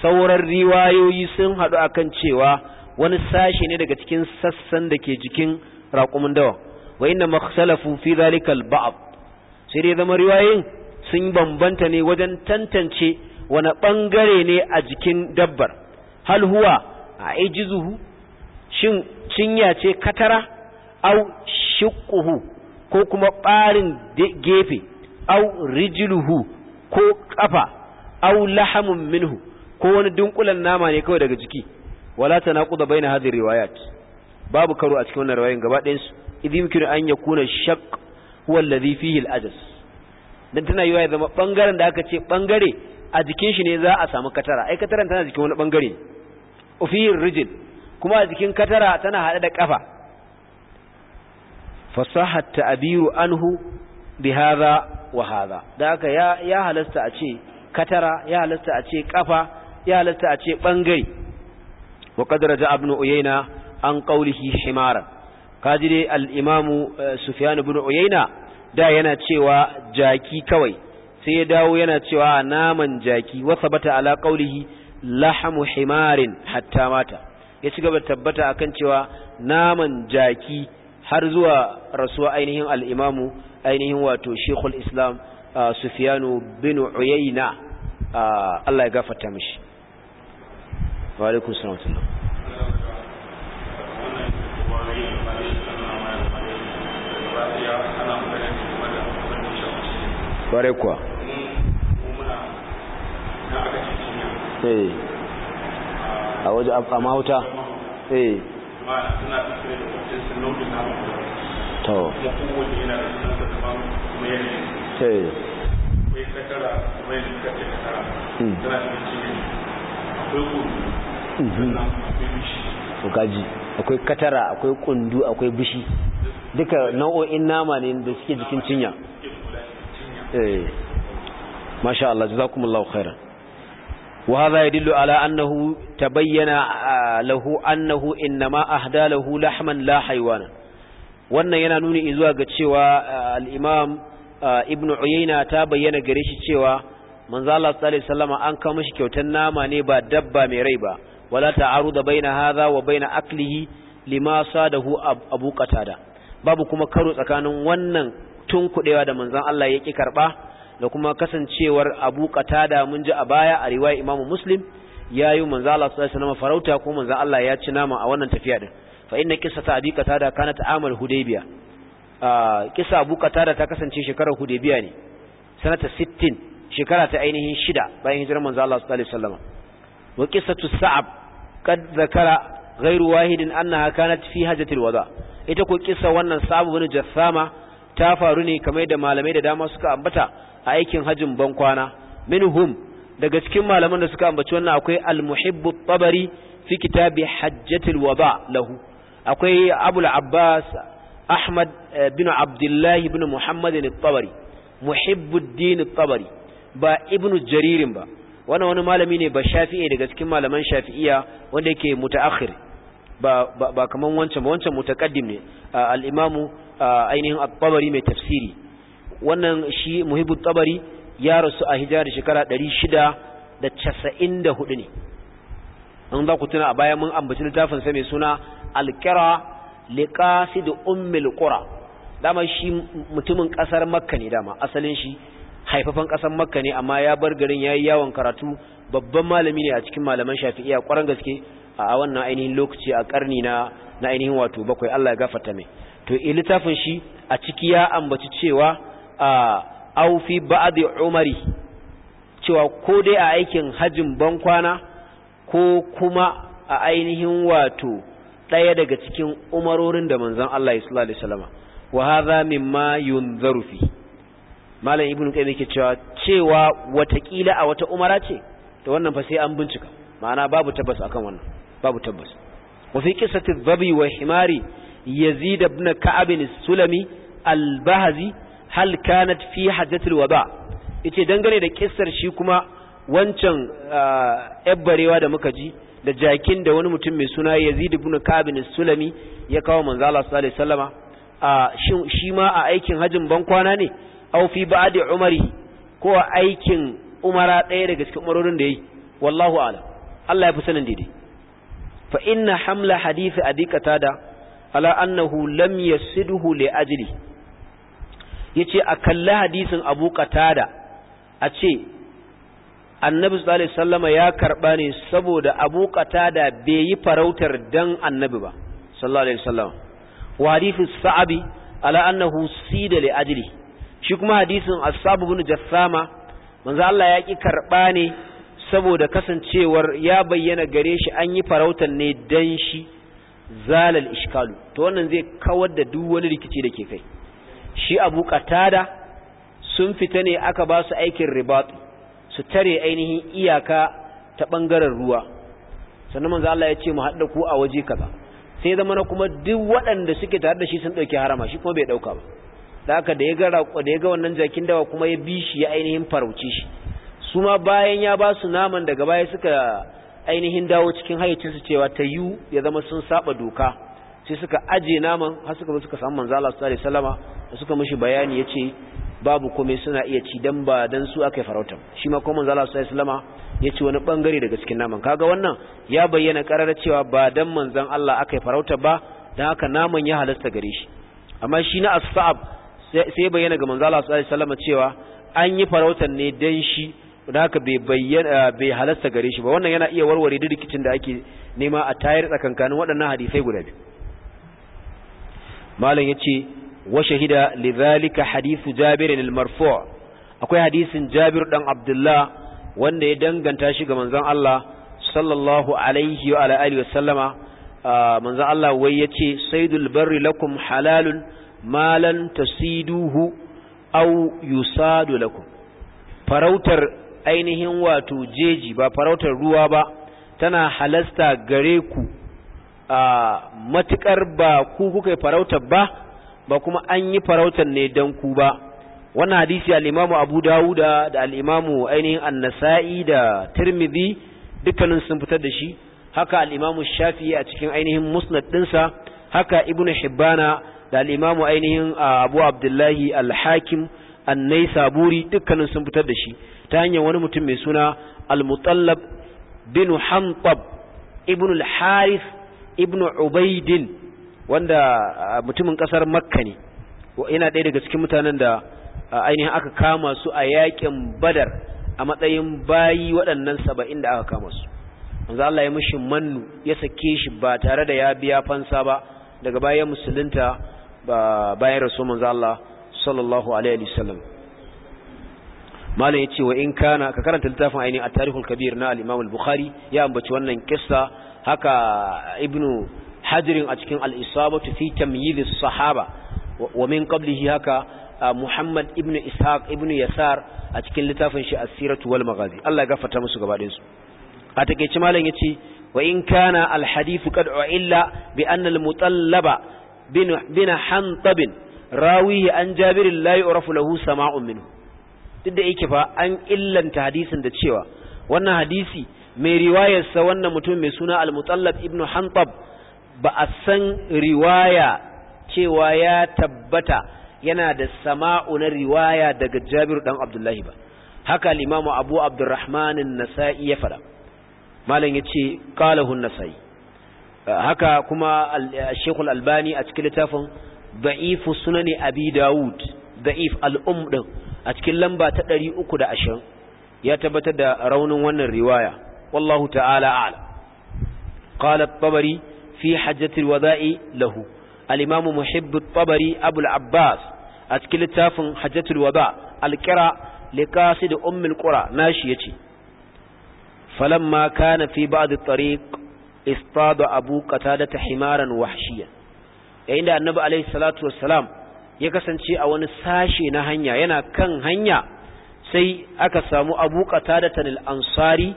sauran riwayoyi sun hadu kan cewa wani sashe ne daga cikin sassan da ke jikin raƙumin dawa wa inna makhtalafu fi zalika al-ba'd sai dai zama riwayoyin sun bambanta ne wajen tantance wani bangare ne a jikin dabbar hal huwa a ijizuhu shin cinya ce katara au shiqquhu ko kuma ɓarin gefe au rijluhu ko kafa au lahamun minhu ko wani dunkulan nama ne kawai daga jiki wala bai baina hadhihi riwayat babu karo a cikin wannan riwayoyin gaba ɗayan su idhi yumkinu an yakuna shaqq huwa alladhi fihi al-ajas dan tana yiwa ya zama bangaren da aka ce bangare a jikin shi ne za a samu katara ai kataran tana jikin wani bangare ufihi rijl kuma a jikin katara tana hada da kafa fasaha ta'abiru anhu bi hadha wa hadha da haka ya ya halasta a ce katara ya halasta a ce kafa ya halasta a ce bangai wa qad raja ibn uyayna an qawlihi himaran kaji dai al-imamu eh, sufyan ibn uyayna da yana cewa jaki kawai sai ya dawo yana cewa naman jaki wa sabata ala qawlihi lahamu himarin hattamata ya cigaba gaba tabbata akan cewa naman jaki har zuwa rasuwa ainihin al'imamu ainihin wato shekul islam sufiyanu bin uyayna Allah ya gafata mishi wa bare kuwa eh. a waje a mahauta eh to hmm. akwai katara akwai kundu akwai bishi duka nau'o'in nama ne da suke jikin cinya eh masha Allah jazakumullahu khairan وهذا يدل على أنه تبين له أنه إنما أهدى له لحما لا حيوانا وأن ينانوني إذوا قد شوى الإمام ابن عيينة تبين قريش شوى من ذا الله صلى الله عليه وسلم أنك مشكي وتنام نبا دبا مريبا ولا تعارض بين هذا وبين أكله لما صاده أبو قتادة babu kuma karo tsakanin wannan tunkuɗewa da manzon Allah yake karba da kuma kasancewar Abu Qatada mun ji a baya a riwaya imamu Muslim yi manzo Allah sallallahu alaihi wasallam farauta ko manzo Allah ya ci nama a wannan tafiya din fa inna qissata Abi Qatada kanat amal Hudaybiya Kisa kissa Abu Qatada ta kasance shekarar Hudaybiya ne sanata 60 shekara ta ainihin shida bayan hijirar manzo Allah sallallahu alaihi wasallam wa qissatu Sa'ab kad zakara ghairu wahidin annaha kanat fi hajjatil wada ita ko kisa wannan Sa'ab bin Jassama ta faru ne kamar da malamai da dama suka ambata a aikin hajjin ban kwana minhum daga cikin malaman da suka ambaci wannan akwai al-muhibbu tabari fi kitabi hajjatul waba lahu akwai abul abbas ahmad eh, bin abdullah ibn muhammad al-tabari muhibbuddin al-tabari ba ibnu jaririn ba wannan wani malami ne ba shafi'i daga cikin malaman shafi'iya wanda yake mutaakhir ba ba, kaman wancan ba wancan mutaqaddim ne ah, al-imamu ah, ainihin babari tabari mai tafsiri wannan shi muhibu tabari ya rasu a hijira da shekara 694 ne an za ku tuna a baya mun ambaci littafin sa mai suna alqira liqasid ummul qura dama shi mutumin ƙasar makka ne dama asalin shi haifafan kasar makka ne amma ya bar garin yayi yawon karatu babban malami ne a cikin malaman shafi'iyya kwaran gaske a wannan ainihin lokaci a karni na na ainihin wato bakwai Allah ya gafarta mai to eh, littafin shi a ciki ya ambaci cewa aufi ba a umari cewa ko dai a aikin hajjin bankwana ko kuma a ainihin wato ɗaya daga cikin umarorin da manzan Allah sula da salama wa min ma yunzaru fi malam ibnu qayyim yake cewa cewa watakila a wata umara ce da wannan fa sai an bincika ma'ana babu tabbas akan wannan babu tabbas wa fi qissati dhabi wa himari yazid ibn ka'ab sulami al hal kanat fi hajjatul waba yace dangane da kissar shi kuma wancan ebbarewa da muka ji da jakin da wani mutum mai suna Yazid ibn kabin sulami ya kawo manzo Allah sallallahu alaihi wasallama a shi ma a aikin hajin ban kwana ne aw fi ba'di umari ko a aikin umara ɗaya daga cikin umarorin da yi wallahu a'lam Allah ya fi sanin daidai fa inna hamla hadisi a qatada ala annahu lam yasidhu li ajli yace a kalli hadisin Abu Qatada a ce Annabi sallallahu alaihi ya karba ne saboda Abu Qatada bai yi farautar dan Annabi ba sallallahu alaihi wasallama wa hadithu Sa'abi ala annahu sida li ajli shi kuma hadisin Ashab ibn Jassama manzo Allah ya ki karɓa ne saboda kasancewar ya bayyana gare shi an yi farautar ne dan shi zalal ishkalu to wannan zai kawar da duk wani rikici da ke kai shi abu katada sun fita ne aka ba su aikin ribat su tare ainihin iyaka ta ɓangaren ruwa sannan manzo Allah ya ce mu hadda ku a waje kaza sai zama na kuma duk waɗanda suke tare da shi sun ɗauki harama shi kuma bai ɗauka ba da haka da ya ga da ya ga wannan jakin dawa kuma ya bi shi ya ainihin farauce shi su ma bayan ya ba su naman daga baya suka ainihin dawo cikin hayyacinsu cewa ta yiwu ya zama sun saba doka sai suka aje naman har suka suka samu manzo Allah sallallahu alaihi wasallama da suka mishi bayani yace babu kome suna iya ci dan ba dan su aka farauta shi ma kuma manzo Allah sallallahu alaihi wasallama yace wani bangare daga cikin naman kaga wannan ya bayyana karar cewa ba dan manzon Allah aka farauta ba dan haka naman ya halasta gare shi amma shi na as-sa'ab sai bayyana ga manzo Allah sallallahu alaihi wasallama cewa an yi farautar ne dan shi da haka bai halasta gare shi ba wannan yana iya warware rikicin da ake nema a tayar tsakankanin waɗannan hadisai guda biyu malam yace wa shahida lidhalika hadithu jabir al-marfu' akwai hadisin jabir dan abdullah wanda ya danganta shi ga manzon Allah sallallahu alaihi wa alihi wasallama ah, manzon Allah wai yace saydul barri lakum halalun malan tasiduhu aw yusadu lakum farautar ainihin wato jeji ba farautar ruwa ba tana halasta gare ku a matukar ba ku kuka yi farautar ba ba kuma an yi farautar ne dan ku ba wannan hadisi al'imamu abu dawuda da al'imamu ainihin annasa'i da tirmidhi dukkanin sun fitar da shi haka al'imamu shafi'i a cikin ainihin musnad ɗinsa haka ibnu shibbana da al'imamu ainihin abu abdullahi al-hakim annai saburi dukkanin sun fitar da shi ta hanyar wani mutum mai suna al-mutallab bin hamtab ibn al-harith ibnu ubaidin wanda mutumin kasar makka ne yana ɗaya daga cikin mutanen da ainihin aka kama su a yakin badar a matsayin bayi waɗannan saba'in da aka kama su manzo Allah ya mishi mannu ya sake shi ba tare da ya biya fansa ba daga bayan musulunta bayan rasu manzo Allah sallallahu alaihi wasallam malam yace wa in kana ka karanta littafin ainihin a tarikhul kabir na al-imam bukhari ya ambaci wannan kissa haka ibnu hajirin a cikin al-isabatu fi tamyiz sahaba wa min qablihi haka ah, muhammad ibnu ishaq ibnu yasar a cikin littafin shi as-siratu wal maghazi Allah ya gafarta musu gaba ɗayansu a takeici malam yace wa in kana al-hadithu qad illa bi anna mutallaba bin bin hantab rawihi an jabir la yu'rafu lahu sama'un duk da yake fa an illanta hadisin da cewa wannan hadisi mai riwayarsa wannan mutum mai suna al-mutallab ibn hantab ba a san riwaya cewa ya tabbata yana da sama'u na riwaya daga jabiru dan abdullahi ba haka Limamu imamu abu abdurrahman nasai ya fada malam yace qalahu an-nasa'i haka kuma al albani a cikin littafin da'ifu ne abi Dawud da'if al din a cikin lamba ta 320 ya tabbatar da raunin wannan riwaya والله تعالى أعلم قال الطبري في حجة الوداء له الإمام محب الطبري أبو العباس أتكل تافن حجة الوداء الكرة لقاصد أم القرى ناشيتي فلما كان في بعض الطريق اصطاد أبو قتادة حمارا وحشيا عند النبي عليه الصلاة والسلام ya kasance a wani sashe na hanya yana kan hanya sai aka samu abu qatada tanil ansari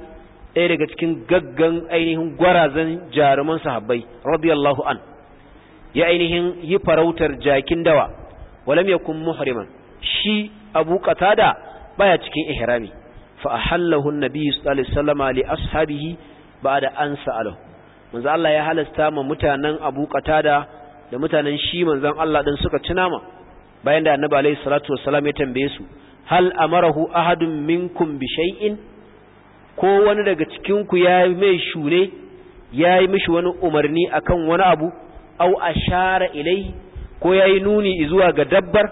ɗaya daga cikin gaggan ainihin gwarazan jaruman sahabbai radiyallahu an ya ainihin yi farautar jakin dawa walam yakun muhriman shi abu qatada baya cikin ihrami fa ahallahu nabi sallallahu alaihi wasallam li ashabihi ba'da an sa'alo manzo Allah ya halasta ma mutanen abu qatada da mutanen shi manzon Allah din suka ci nama bayan da annabi alaihi salatu wasallam ya tambaye su hal amarahu ahadun minkum bi shay'in ko wani daga cikinku ya yi mai shune ya yi mishi wani umarni akan wani abu au ashara ilai ko ya yi nuni zuwa ga dabbar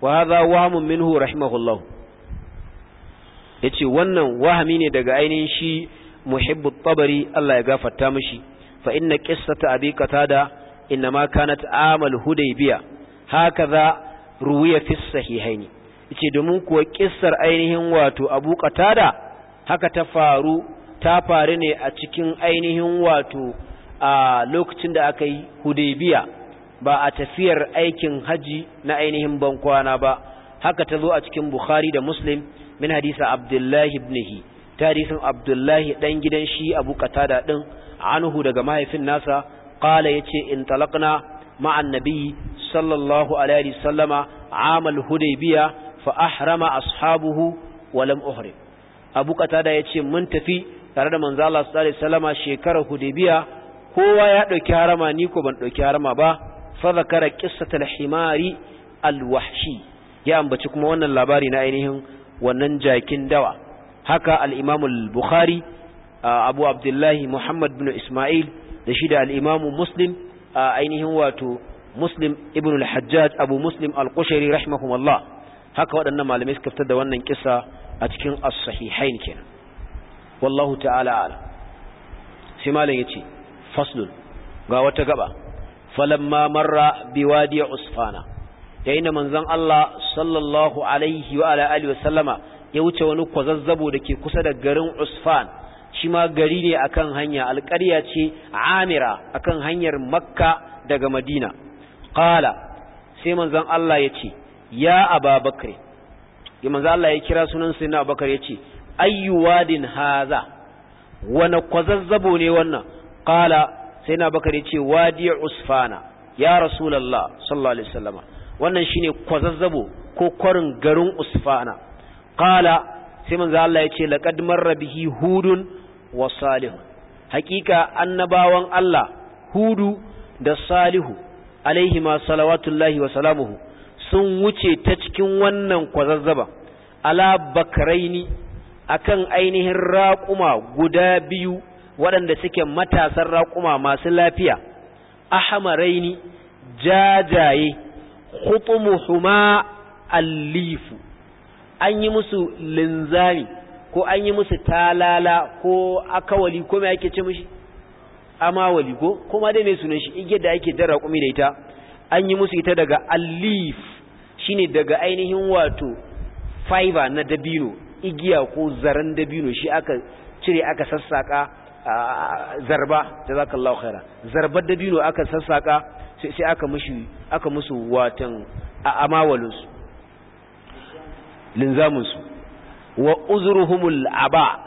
wa haza wahamun minhu rahimahullahu ya ce wannan wahami ne daga ainihin shi muhibbut tabari Allah ya gafarta mishi fa inna qissata abi qatada ma kanat amal hudaybiya za ruwiya fi sahihaini yace domin kuwa kissar ainihin wato abu qatada haka ta faru ta faru ne a cikin ainihin wato a lokacin da aka yi hudebiya ba a tafiyar aikin haji na ainihin bankwana ba haka ta zo a cikin bukhari da muslim min hadisa abdullahi ibnihi tarihin abdullahi dan gidan shi abu qatada din anhu daga mahaifin nasa qala yace in talaqna ma'an nabiyyi sallallahu alaihi wasallama amal hudaybiya fa ahrama ashabuhu walam uhrim abu Katada ya ce mun tafi tare da Manzala Allah Salama shekarar hudibiya kowa ya ɗauki harama ni ko ban ɗauki harama ba fa zakara himari alwashi. ya ambaci kuma wannan labari na ainihin wannan jakin dawa haka al-imam bukhari abu abdullahi muhammad bin isma'il da shi da al-imam ainihin wato muslim ibn al-hajjaj abu muslim al-qushayri rahimahumullah haka waɗannan malamai suka fitar da wannan kisa. a cikin as-sahihain kenan wallahu ta'ala ala sai malam yace faslun ga wata gaba falamma marra wadi usfana yayin da manzon Allah sallallahu alaihi wa ala alihi wa sallama ya wuce wani kwazazzabo dake kusa da garin Usfan shi ma gari ne akan hanya alƙarya ce Amira akan hanyar Makka daga Madina qala sai manzon Allah yace ya Ababakar ya manzo Allah ya kira sunan sai na Abubakar yace ayyu wadin haza wani kwazazzabo ne wannan qala sai na Abubakar yace wadi usfana ya rasulullah sallallahu alaihi wasallama wannan shine kwazazzabo ko kwarin garin usfana qala sai manzo Allah yace laqad marra bihi hudun wa salihun hakika annabawan Allah hudu da salihu alaihima salawatullahi wa salamuhu sun wuce ta cikin wannan kwazazzaba ala bakraini akan ainihin raƙuma guda biyu waɗanda suke matasan raƙuma masu lafiya ahmaraini jajaye huma allifu an yi musu linzami ko an yi musu talala ko akawali ko mai ake ce mishi amawali ko kuma dai mai sunan shi igiyar da ake dara raƙumi da ita an yi musu ita daga alif shine daga ainihin wato fiber na dabino igiya ko zaren dabino shi aka cire aka sassaka zarba da jazakallahu khaira zarbar dabino aka sassaka sai aka mushi aka musu watan a su linzamin wa uzruhumul aba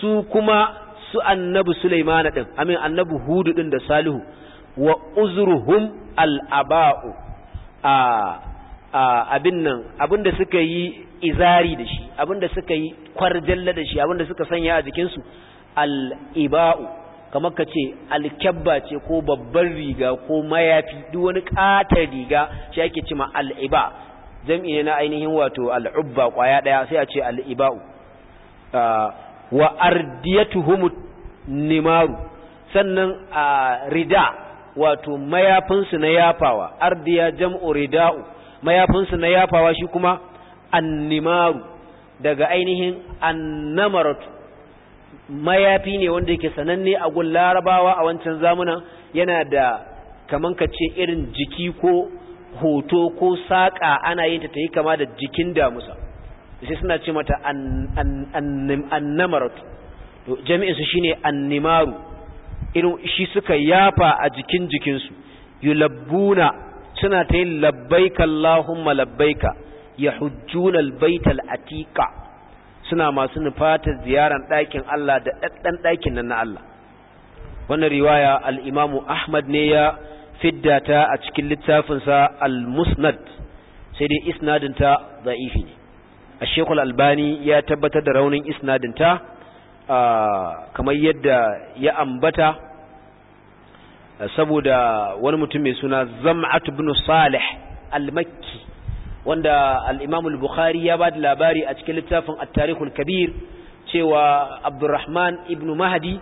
su kuma su annabi Sulaiman din amin annabi hudu din da Salihu wa uzruhum al aba'u a abin nan abin da suka yi izari da shi abin da suka yi kwarjalla da shi abin da suka sanya a jikinsu al'iba'u kamar ka ce alkyabba ce ko babban riga ko mayafi duk wani ƙatar riga shi ake cima al'iba jam'i ne na ainihin wato al'ubba ƙwaya ɗaya sai a ce al'iba'u wa ardiyatuhum nimaru sannan a rida wato mayafinsu na yafawa ardiya jam'u rida'u mayafinsu na yafawa shi kuma annimaru daga ainihin annamaratu mayafi ne wanda yake sananne a gun larabawa a wancan zamunan yana da kaman ka ce irin jiki ko hoto ko saƙa ana yin ta ta yi kama da jikin damusa sai suna ce mata annamaratu jami'insu shine annimaru irin shi suka yafa a jikin jikinsu Yulabuna. suna ta yin labbaika Allahumma labbaika yahujjuna baital atiqa suna masu nufatar ziyaran ɗakin Allah da ɗaɗɗan ɗakin nan na Allah wannan riwaya al Ahmad ne ya fidda ta a cikin littafinsa al-Musnad sai dai isnadinta za'ifi da'ifi ne Sheikh albani ya tabbatar da raunin isnadinta ta ah, kamar yadda ya ambata saboda wani mutum mai suna zam'at ibn salih al-makki wanda al-imam al-bukhari ya bada labari a cikin littafin at-tarikh al-kabir cewa abdurrahman ibn mahdi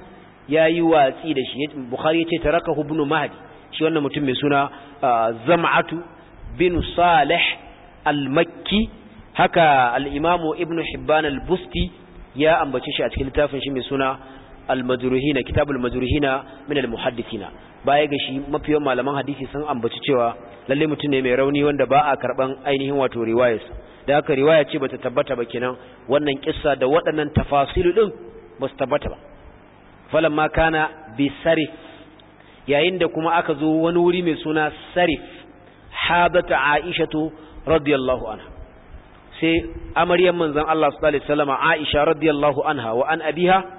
yayi watsi da shi bukhari yace tarakahu ibn mahdi shi wannan mutum mai suna uh, zam'atu bin salih al-makki haka al-imam ibn hibban al-busti ya ambace shi a cikin littafin shi mai suna al kitabul majruhina min al baya ga shi mafiyan malaman hadisi sun ambaci cewa lalle mutum ne mai rauni wanda ba a karban ainihin wato riwayar da haka riwaya ce bata tabbata ba kenan wannan kissa da waɗannan tafasilu din ba su tabbata ba falamma kana bi sarif yayin da kuma aka zo wani wuri mai suna sarif habata aishatu radiyallahu anha sai amaryan manzon Allah sallallahu alaihi wasallam Aisha radiyallahu anha wa an abiha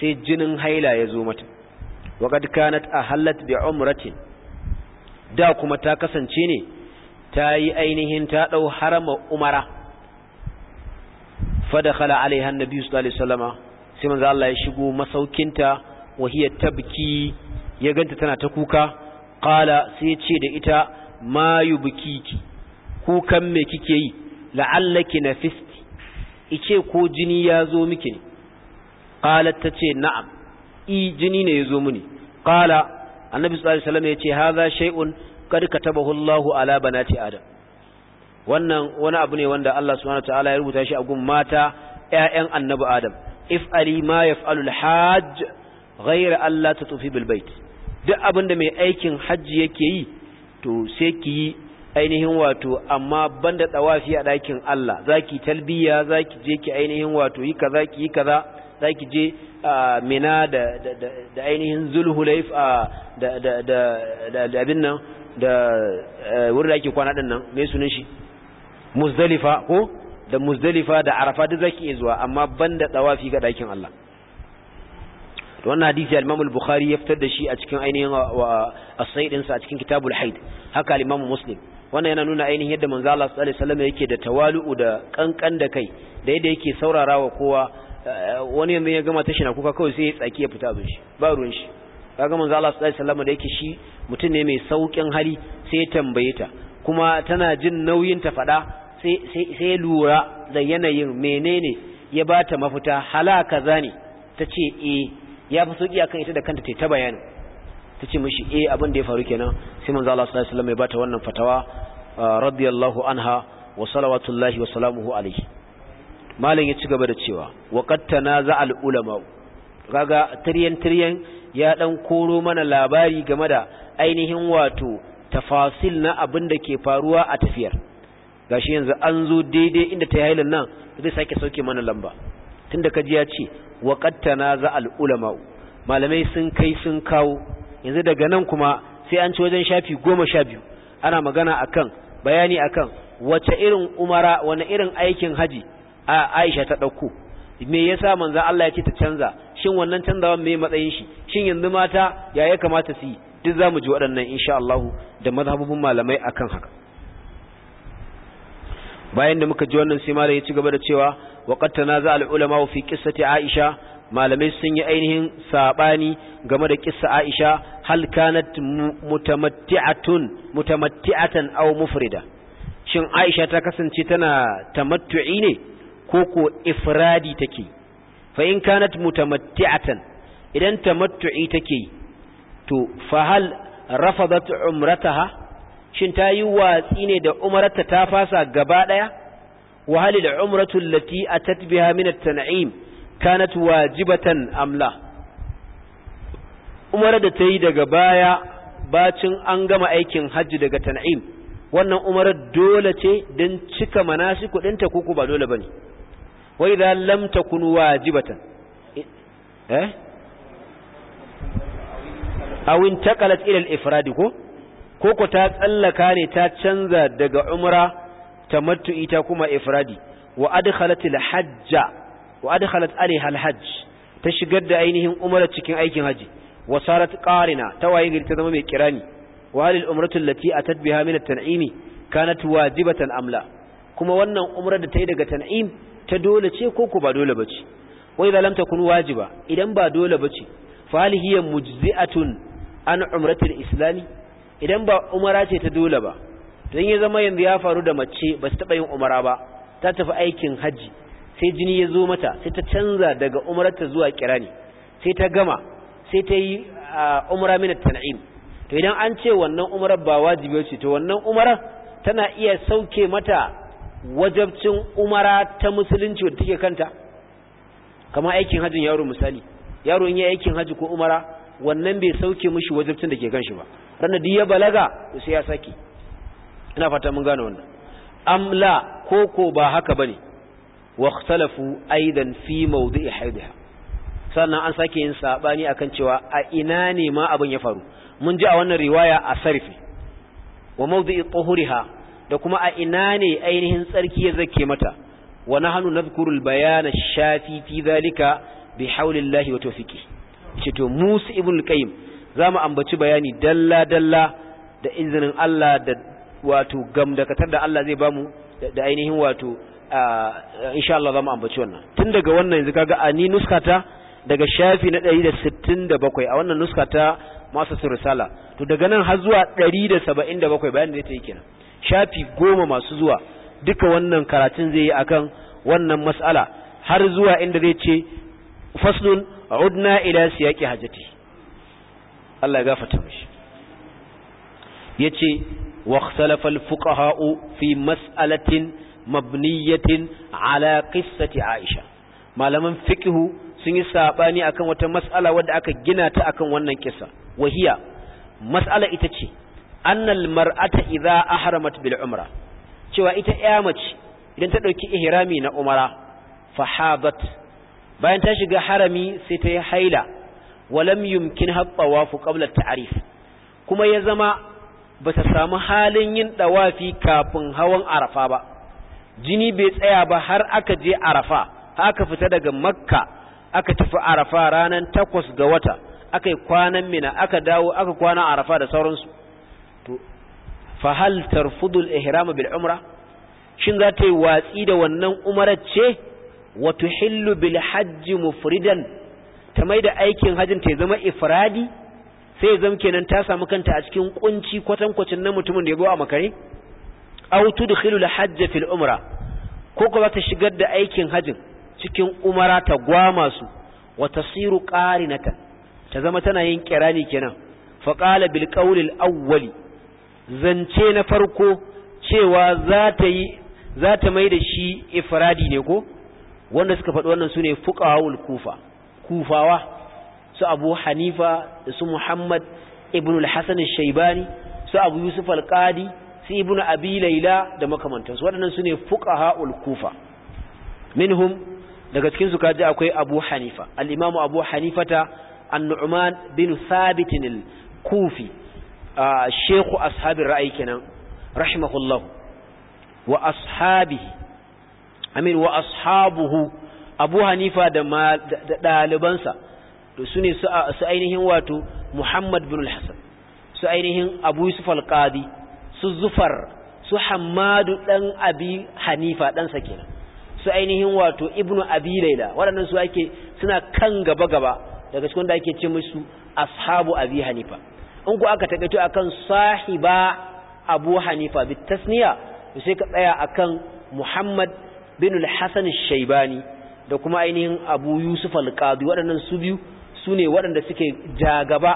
sai jinin haila ya zo mata waqad kanat ahallat bi umratin da kuma ta kasance ne ta yi ainihin ta dau harama umara fadakhala alaiha nabi sallallahu alaihi wasallama sai manzo Allah ya shigo masaukinta wa hiya tabki ya ganta tana ta kuka qala sai ce da ita ma yubkiki kukan me kike yi la'allaki nafisti ice ko jini ya zo miki ne ta ce na'am e jini ne yazo muni qala annabi sallallahu ya ce haza hadha shay'un kad katabahu Allahu ala banati adam wannan wani abu ne wanda Allah subhanahu wataala ya rubuta shi a gun mata ƴaƴan annabi adam if'ali ma yaf'alul hajj ghayra alla tatufi bil bait duk abinda mai aikin hajji yake yi to sai ki yi ainihin wato amma banda tsawafi a ɗakin Allah zaki talbiya zaki je ki ainihin wato yi kaza ki yi kaza za ki je mina da ainihin a da abin nan da wurin da ake kwana din nan mai sunan shi muzdalifa ko da muzdalifa da arafa duk zaki iya zuwa amma ban da tsawafi ga dakin Allah wannan hadisi al-Imam al-Bukhari ya fitar da shi a cikin ainihin as sa a cikin Kitabul Haid haka al-Imam Muslim wannan yana nuna ainihin yadda manzo Allah sallallahu alaihi wasallam yake da tawalu'u da kankan da kai da yadda yake wa kowa Eh, wani yanzu ya gama tashi na kuka kawai sai ya tsaki ya fita abin shi ba ruwan shi gama za Allah sallallahu ɗaya wasallam da yake shi mutum ne mai sauƙin hali sai ya tambaye ta kuma tana jin nauyin ta faɗa sai ya lura da yanayin menene ya ba ta mafita halaka ta ce eh ya fi sauki akan ita da kanta ta bayani ce mishi e abin da ya faru kenan sai manzo Allah sallallahu ɗaya wasallam ya ba ta wannan fatawa eh, radiyallahu anha wa salawatullahi wa salamuhu alaihi malam ya ci gaba da cewa wa za al ulama kaga tiryan tiryan ya dan koro mana labari game da ainihin wato tafasil na abin da ke faruwa a tafiyar gashi yanzu an zo daidai inda ta yi nan zai sake sauke mana lamba tunda kaji ya ce wa za al ulama malamai sun kai sun kawo yanzu daga nan kuma sai an ci wajen shafi goma sha biyu ana magana akan bayani akan wace irin umara wani irin aikin haji Aisha ta ɗauko me yasa manza Allah ya ce ta canza shin wannan canzawan me matsayin shi shin yanzu mata ya ya kamata su yi duk zamu ji waɗannan insha Allah da mazhabubin malamai akan haka bayan da muka ji wannan sai malai ya ci gaba da cewa wa qad tanaza al ulama fi qissati Aisha malamai sun yi ainihin sabani game da kissa Aisha hal kanat mutamatti'atun mutamatti'atan aw mufrida shin Aisha ta kasance tana tamattu'i ne Koko ko ifradi take fa in kanat mutamatti'atan idan tamattu'i take to fa hal rafadat umrataha shin ta yi watsi ne da umarta ta fasa gaba daya wa hal al umratu allati atat biha min at tan'im kanat wajibatan amla la umar da ta yi daga baya bacin an gama aikin hajji daga tan'im wannan umarar dole ce don cika manasi kudinta kuku ba dole bane wa idza lam takun wajibatan eh aw intaqalat ila al-ifrad ko koko ta tsallaka ne ta canza daga umra tamattu ita kuma ifradi wa adkhalat al-hajja wa adkhalat ta shigar da ainihin umra cikin aikin haji wa sarat qarina ta waye gari ta zama mai kirani wa halil umratu allati atat biha min at-tan'imi kanat wajibatan amla kuma wannan umra da ta yi daga tan'im ta dole ce ko ku ba dole bace wa idza lam wajiba idan ba dole bace fa hal hiya mujzi'atun an umratil islami idan ba umara ce ta dole ba don ya zama yanzu ya faru da mace ba su taɓa yin umara ba ta tafi aikin hajji sai jini ya zo mata sai ta canza daga ta zuwa kirani sai ta gama sai ta yi umara mina tan'im to idan an ce wannan umarar ba wajibi ce to wannan umarar tana iya sauke mata wajabcin umara ta musulunci wadda take kanta kama aikin hajjin yaro misali yaro in ya aikin hajji ko umara wannan bai sauke mishi wajabcin da ke kan shi ba ranar ya balaga sai ya sake ina fata mun gane wannan amla ko ko ba haka bane khalafu aidan fi mawdi'i haidha sannan an sake yin sabani akan cewa a ina ne ma abin ya faru mun ji a wannan riwaya a sarfi wa mawdi'i tuhuriha da kuma a ina ne ainihin tsarki ya zake mata wa nahnu nadhkuru al-bayan ash-shafi fi zalika bi haulillahi wa tawfiqi ce to Musa ibn al-Qayyim zamu ambaci bayani dalla dalla da izinin Allah da wato gamdakatar da Allah zai bamu da ainihin wato insha Allah zamu ambaci wannan tun daga wannan yanzu kaga ani nuskata daga shafi na 167 a wannan nuskata masu risala to daga nan har zuwa 177 bayan da ta yi kenan shafi goma masu zuwa duka wannan karatun zai yi akan wannan mas'ala har zuwa inda zai ce faslun udna ila siyaqi hajati Allah ya gafarta mishi yace wa ikhtalafa al-fuqaha fi mas'alatin mabniyatin ala qissati Aisha malaman fiqhu sun yi sabani akan wata mas'ala wadda aka gina ta akan wannan kissa wahiya mas'ala ita ce annal mar'ata idza ahramat bil umra cewa ita ya mace idan ta dauki ihrami na umara fahabat bayan ta shiga harami sai ta yi haila walam yumkin hattawafu qabla ta'rif kuma ya zama bata samu halin yin dawafi kafin hawan arafa ba jini bai tsaya ba har aka je arafa aka fita daga makka aka tafi arafa ranar takwas ga wata aka yi kwanan mina aka dawo aka kwana arafa da sauransu Fahaltar hal tarfudul ihram bil umra shin za ta yi watsi da wannan umarar ce wa tuhillu bil hajj mufridan ta mai da aikin hajjin ta zama ifradi sai zama kenan ta samu kanta a cikin kunci kwatankwacin na mutumin da ya bawa makare aw tudkhilu al hajj fil umra ko ko za ta shigar da aikin hajjin cikin umara ta gwama su wa tasiru qarinatan ta zama tana yin kirani kenan fa qala bil qawli al awwali zance na farko cewa za ta yi za ta mai da shi ifradi ne ko wanda suka faɗi wannan su ne kufa kufawa su abu hanifa da su muhammad ibn al shaibani su abu yusuf al-qadi su ibn abi laila da makamantansu waɗannan su ne fuqahul kufa minhum daga cikin su kaji akwai abu hanifa al-imamu abu hanifata an-nu'man bin thabit al-kufi shehu ashabin ra'ayi kenan rahimahullahu wa ashabihi amin wa ashabuhu abu hanifa da ɗalibansa to su ne su ainihin wato muhammad bin al-hassan su ainihin abu yusuf al-qadi su zufar su hamadu ɗan abi hanifa ɗansa kenan su ainihin wato ibnu abi laila waɗannan su ake suna kan gaba-gaba daga cikin da ake ce mai su ashabu abi hanifa in ku aka taƙaito akan sahiba abu hanifa bi tasniya to sai ka tsaya akan muhammad bin al-hasan shaibani da kuma ainihin abu yusuf al-qadi waɗannan su biyu su ne waɗanda suke jagaba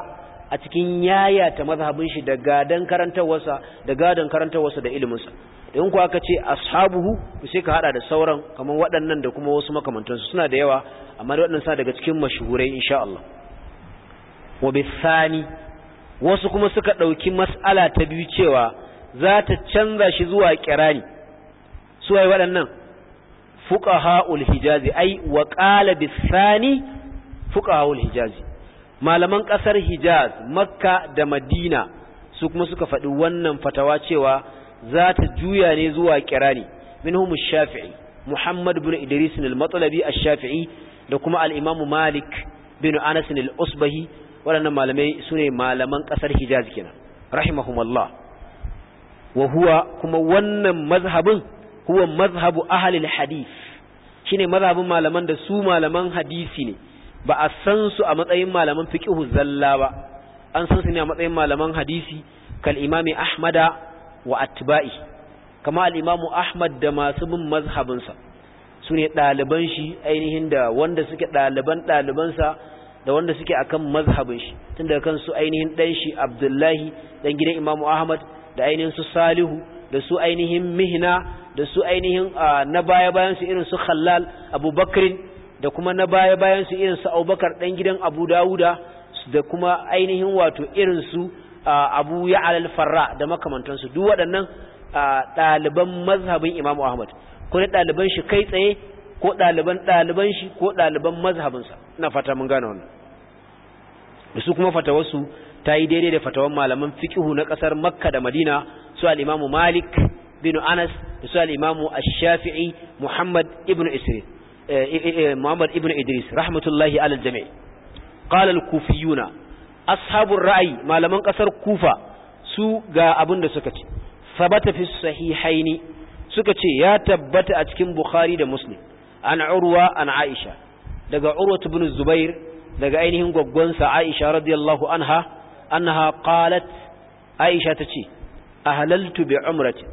a cikin yayata mazhabin shi da gadan karantawarsa da gadan karantawarsa da iliminsa in ku aka ce ashabuhu to sai ka hada da sauran kamar waɗannan da kuma wasu makamantansu suna da yawa amma da waɗannan sa daga cikin mashuhurai insha Allah wa bisani wasu kuma suka ɗauki mas'ala ta biyu cewa za ta canza shi zuwa kirani suwaye waɗannan ul hijazi ai wa qala bisani ul hijazi malaman ƙasar hijaz makka da madina su kuma suka faɗi wannan fatawa cewa za ta juya ne zuwa kirani minhum shafi'i muhammad ibn idris al-matlabi ash-shafi'i da kuma al-imam malik bin anas al-usbahi waɗannan malamai su ne malaman ƙasar hijaz kenan rahimahumallah wa huwa kuma wannan mazhabin huwa mazhabu ahalil hadis shine mazhabin malaman da su malaman hadisi ne ba a san su a matsayin malaman fiqhu zalla ba an san su ne a matsayin malaman hadisi kal imami ahmada wa atba'i kama al imamu ahmad da masu bin mazhabinsa su ne ɗaliban shi ainihin da wanda suke ɗaliban ɗalibansa da wanda suke akan mazhabin shi tun daga kansu ainihin dan shi Abdullahi dan gidan Imam Ahmad da ainihin su Salihu da su ainihin Mihna da su ainihin na baya bayan su irin su Khallal Abubakar da kuma na baya bayan su irin su Abubakar dan gidan Abu Dawuda da kuma ainihin wato irin su Abu ya farra da makamantansu duk waɗannan ɗaliban mazhabin Imam Ahmad ko ne ɗaliban shi kai tsaye ko ɗaliban ɗaliban shi ko ɗaliban mazhabinsa na fata mun gane wannan da su kuma fatawarsu ta yi daidai da fatawan malaman fikihu na kasar makka da madina su al'imamu malik bin anas da su al'imamu ash-shafi'i muhammad ibn eh, eh, eh, muhammad ibn idris rahmatullahi ala al-jami' kufiyuna ashabun ra'ayi malaman kasar kufa su ga abin da suka ce sabata fi sahihaini suka ce ya tabbata a cikin bukhari da muslim an urwa an aisha daga urwa ibn zubair daga ainihin gwaggonsa Aisha radiyallahu anha annaha qalat Aisha tace ahlaltu bi umrati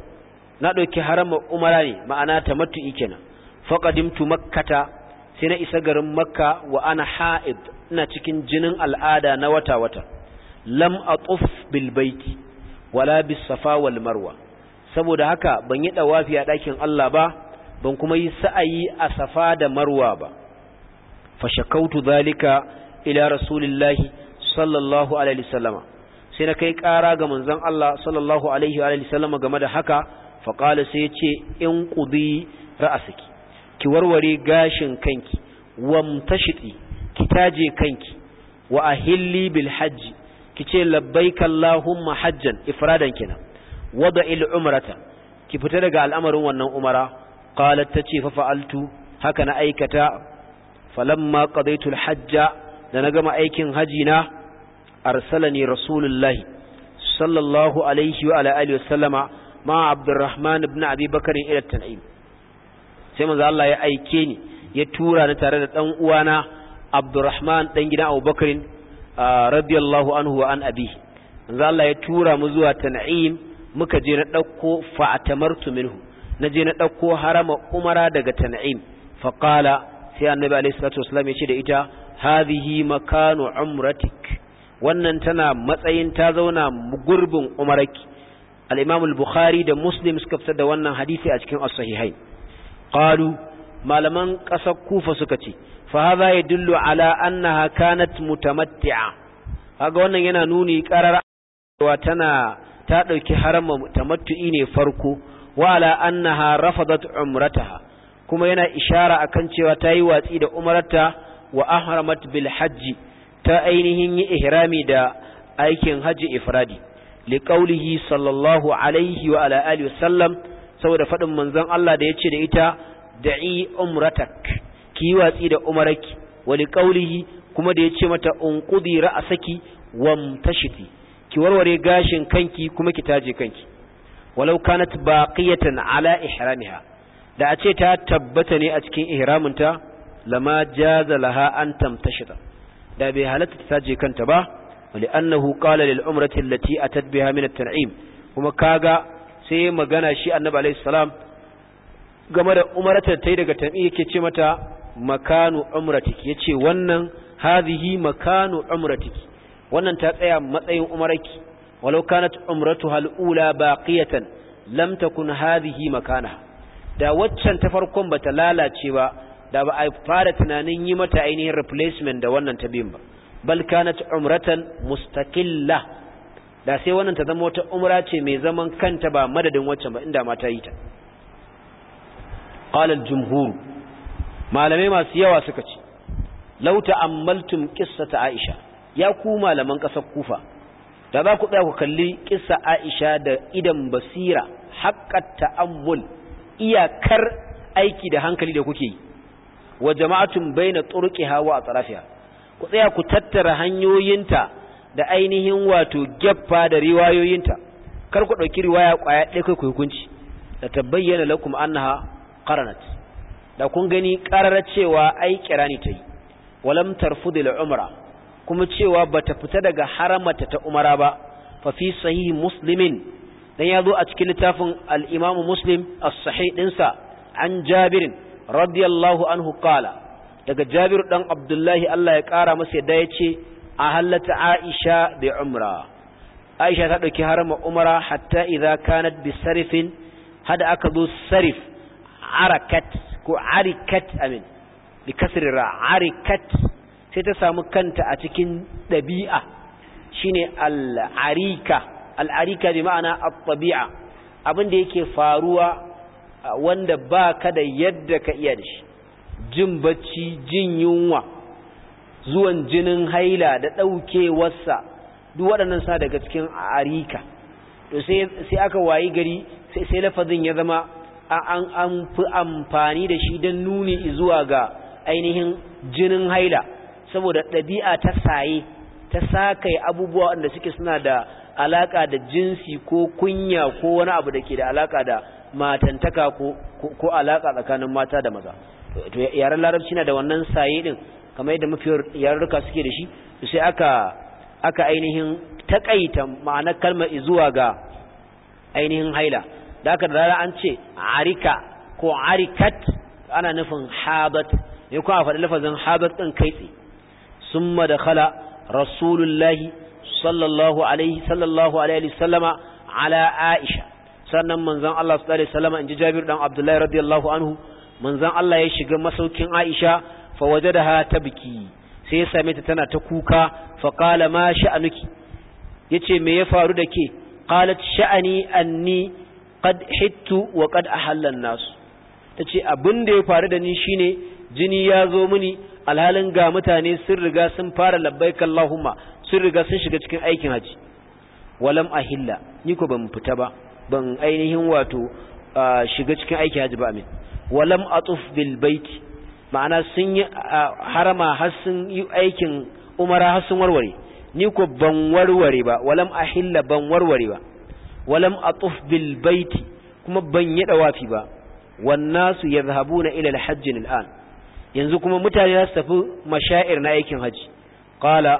na dauki harama umara ne ma'ana tamattu'i kenan faqadimtu makkata sai na isa garin makka wa ana ha'id ina cikin jinin al'ada na wata wata lam atuf bil baiti wala bis safa wal marwa saboda haka ban yi dawafi a dakin Allah ba ban kuma yi sa'ayi a safa da marwa ba fashakautu zalika ila rasulillahi sallallahu alaihi wasallama sai na kai ƙara ga manzon Allah sallallahu alaihi wa sallama game da haka faƙala sai ce in ƙudi ra'asiki ki warware gashin kanki wamtashiti ki taje kanki wa ahilli bil hajji ki ce labbaika allahumma hajjan ifradan kina wada'il umrata ki fita daga al'amarin wannan umara qalat tace fa fa'altu haka na aikata falamma qadaytul hajja da na gama aikin haji na ne rasulullahi sallallahu alaihi wa alihi wasallama ma abdurrahman ibn abi bakarin ila tan'im sai manzo Allah ya aike ni ya tura ni tare da dan uwana abdurrahman dan gidan abubakar radiyallahu anhu wa an abi manzo Allah ya tura mu zuwa tan'im muka je na dauko fa'atamartu minhu na je na dauko harama umara daga tan'im faqala sai annabi alaihi salatu wasallam ya ce da ita hadhihi makanu umratik wannan tana matsayin ta zauna gurbin umaraki al-imam al-bukhari da muslim suka fitar da wannan hadisi a cikin as-sahihain qalu malaman ƙasar kufa suka ce fa hadha yadullu ala annaha kanat mutamatti'a kaga wannan yana nuni karar cewa tana ta dauki haram tamattu'i ne farko wa ala annaha rafadat umrataha kuma yana ishara akan cewa ta yi watsi da umarta wa ahramat bil hajji ta ainihin yi ihrami da aikin hajji ifradi liqaulihi sallallahu alaihi wa ala alihi wasallam saboda fadin manzon Allah da yace da ita da'i umratak ki watsi da umaraki wa liqaulihi kuma da yace mata unqudi ra'saki wamtashiti ki warware gashin kanki kuma ki taje kanki walau kanat baqiyatan ala ihramiha da a ce ta tabbata ne a cikin ihraminta lama jaza laha an tamtashita da bai halatta ta je kanta ba li'annahu qala lil umrati allati atat biha min at kuma kaga sai magana shi annabi alayhi salam game da umratar tai daga tan'i yake ce mata makanu umratik yace wannan hadhihi makanu umratik wannan ta tsaya matsayin umarki walau kanat umratuha al-ula baqiyatan lam takun hadhihi makanaha da waccan ta farkon ba ta lalace ba da ba a fara tunanin yi mata ainihin replacement da wannan ta biyun ba bal ta umratan mustaqilla da sai wannan ta zama wata umra ce mai zaman kanta ba madadin waccan ba inda ma ta yi ta qala al-jumhur malamai masu yawa suka ce law ta'ammaltum qissata aisha ya ku malaman ƙasar kufa da za ku tsaya ku kalli kissa aisha da idan basira haqqat ta'ammul iyakar aiki da hankali da kuke yi wa jama'atun baina turqiha wa atrafiha ku tsaya ku tattara hanyoyinta da ainihin wato geffa da riwayoyinta kar ku dauki riwaya kwaya ɗaya kai ku hukunci da tabbayyana lakum annaha qaranat da kun gani qarar cewa ai kirani tayi walam tarfudil umra kuma cewa bata fita daga haramata ta umara ba fa fi sahih muslimin dan ya zo a cikin littafin al-Imam Muslim as-Sahih dinsa an Jabir radiyallahu anhu qala daga Jabir dan Abdullahi Allah ya kara masa yadda yace ahallata Aisha bi umra Aisha ta dauki harama umra hatta idza kanat bi sarifin hada aka zo sarif arakat ko arikat amin bi kasri ra arikat sai ta samu kanta a cikin dabi'a shine al-arika al'arika bi ma'ana at-tabi'a abin da yake faruwa wanda ba ka da yadda ka iya da jin bacci jin yunwa zuwan jinin haila da ɗaukewarsa duk waɗannan sa daga cikin arika to sai aka wayi gari sai lafazin ya zama an fi amfani da shi don nuni zuwa ga ainihin jinin haila saboda ɗabi'a ta saye ta sakai abubuwa wanda suke suna da alaka da jinsi ko kunya ko wani abu da ke da alaka da matantaka ko ko alaka tsakanin mata da maza to yaren larabci na da wannan saye din kamar yadda mafiyar yarurruka suke da shi sai aka aka ainihin takaita ma'anar kalmar zuwa ga ainihin haila da aka da an ce arika ko arikat ana nufin habat ne kuma a faɗi lafazin habat ɗin kai tsi sun madakhala rasulullahi sallallahu alaihi sallallahu alaihi sallama ala aisha sannan manzan Allah sallallahu alaihi sallama inji Jabir dan Abdullahi radiyallahu anhu manzon Allah ya shiga masaukin Aisha fa wajadaha tabki sai ya same ta tana ta kuka fa qala ma sha'anuki ce me ya faru da ke qalat sha'ani anni qad hittu wa qad ahalla an-nas tace abin da ya faru da ni shine jini ya zo mini alhalin ga mutane sun riga sun fara labbaik Allahumma sun riga sun shiga cikin aikin haji walam ahilla ni ko ban fita ba ban ainihin wato shiga cikin aikin haji ba amin walam atuf bil baiti ma'ana sun yi harama har sun yi aikin umara har sun warware ni ko ban warware ba walam ahilla ban warware ba walam atuf bil baiti kuma ban yi dawafi ba wannasu yadhhabuna ila al-hajj al-an yanzu kuma mutane za su tafi mashair na aikin haji qala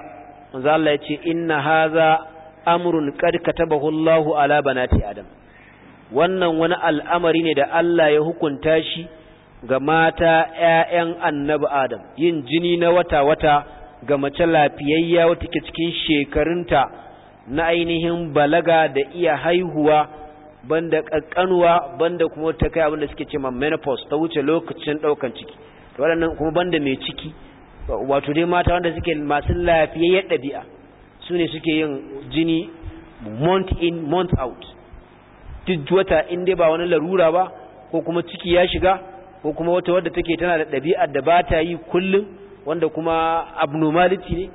manzo Allah ya ce inna haza amrun qad katabahu Allahu ala banati adam wannan wani al'amari ne da Allah ya hukunta shi ga mata ƴaƴan annabi adam yin jini na wata wata ga mace lafiyayya wata ke cikin shekarunta na ainihin balaga da iya haihuwa banda kakkanuwa banda kuma ta kai abinda suke cewa menopause ta wuce lokacin daukan ciki waɗannan kuma banda mai ciki wato dai mata wanda suke masu lafiyayyar ɗabi'a su ne suke yin jini month in month out duk wata inda ba wani larura ba ko kuma ciki ya shiga ko kuma wata wadda take tana da ɗabi'ar da ba ta yi kullum wanda kuma abnormality ne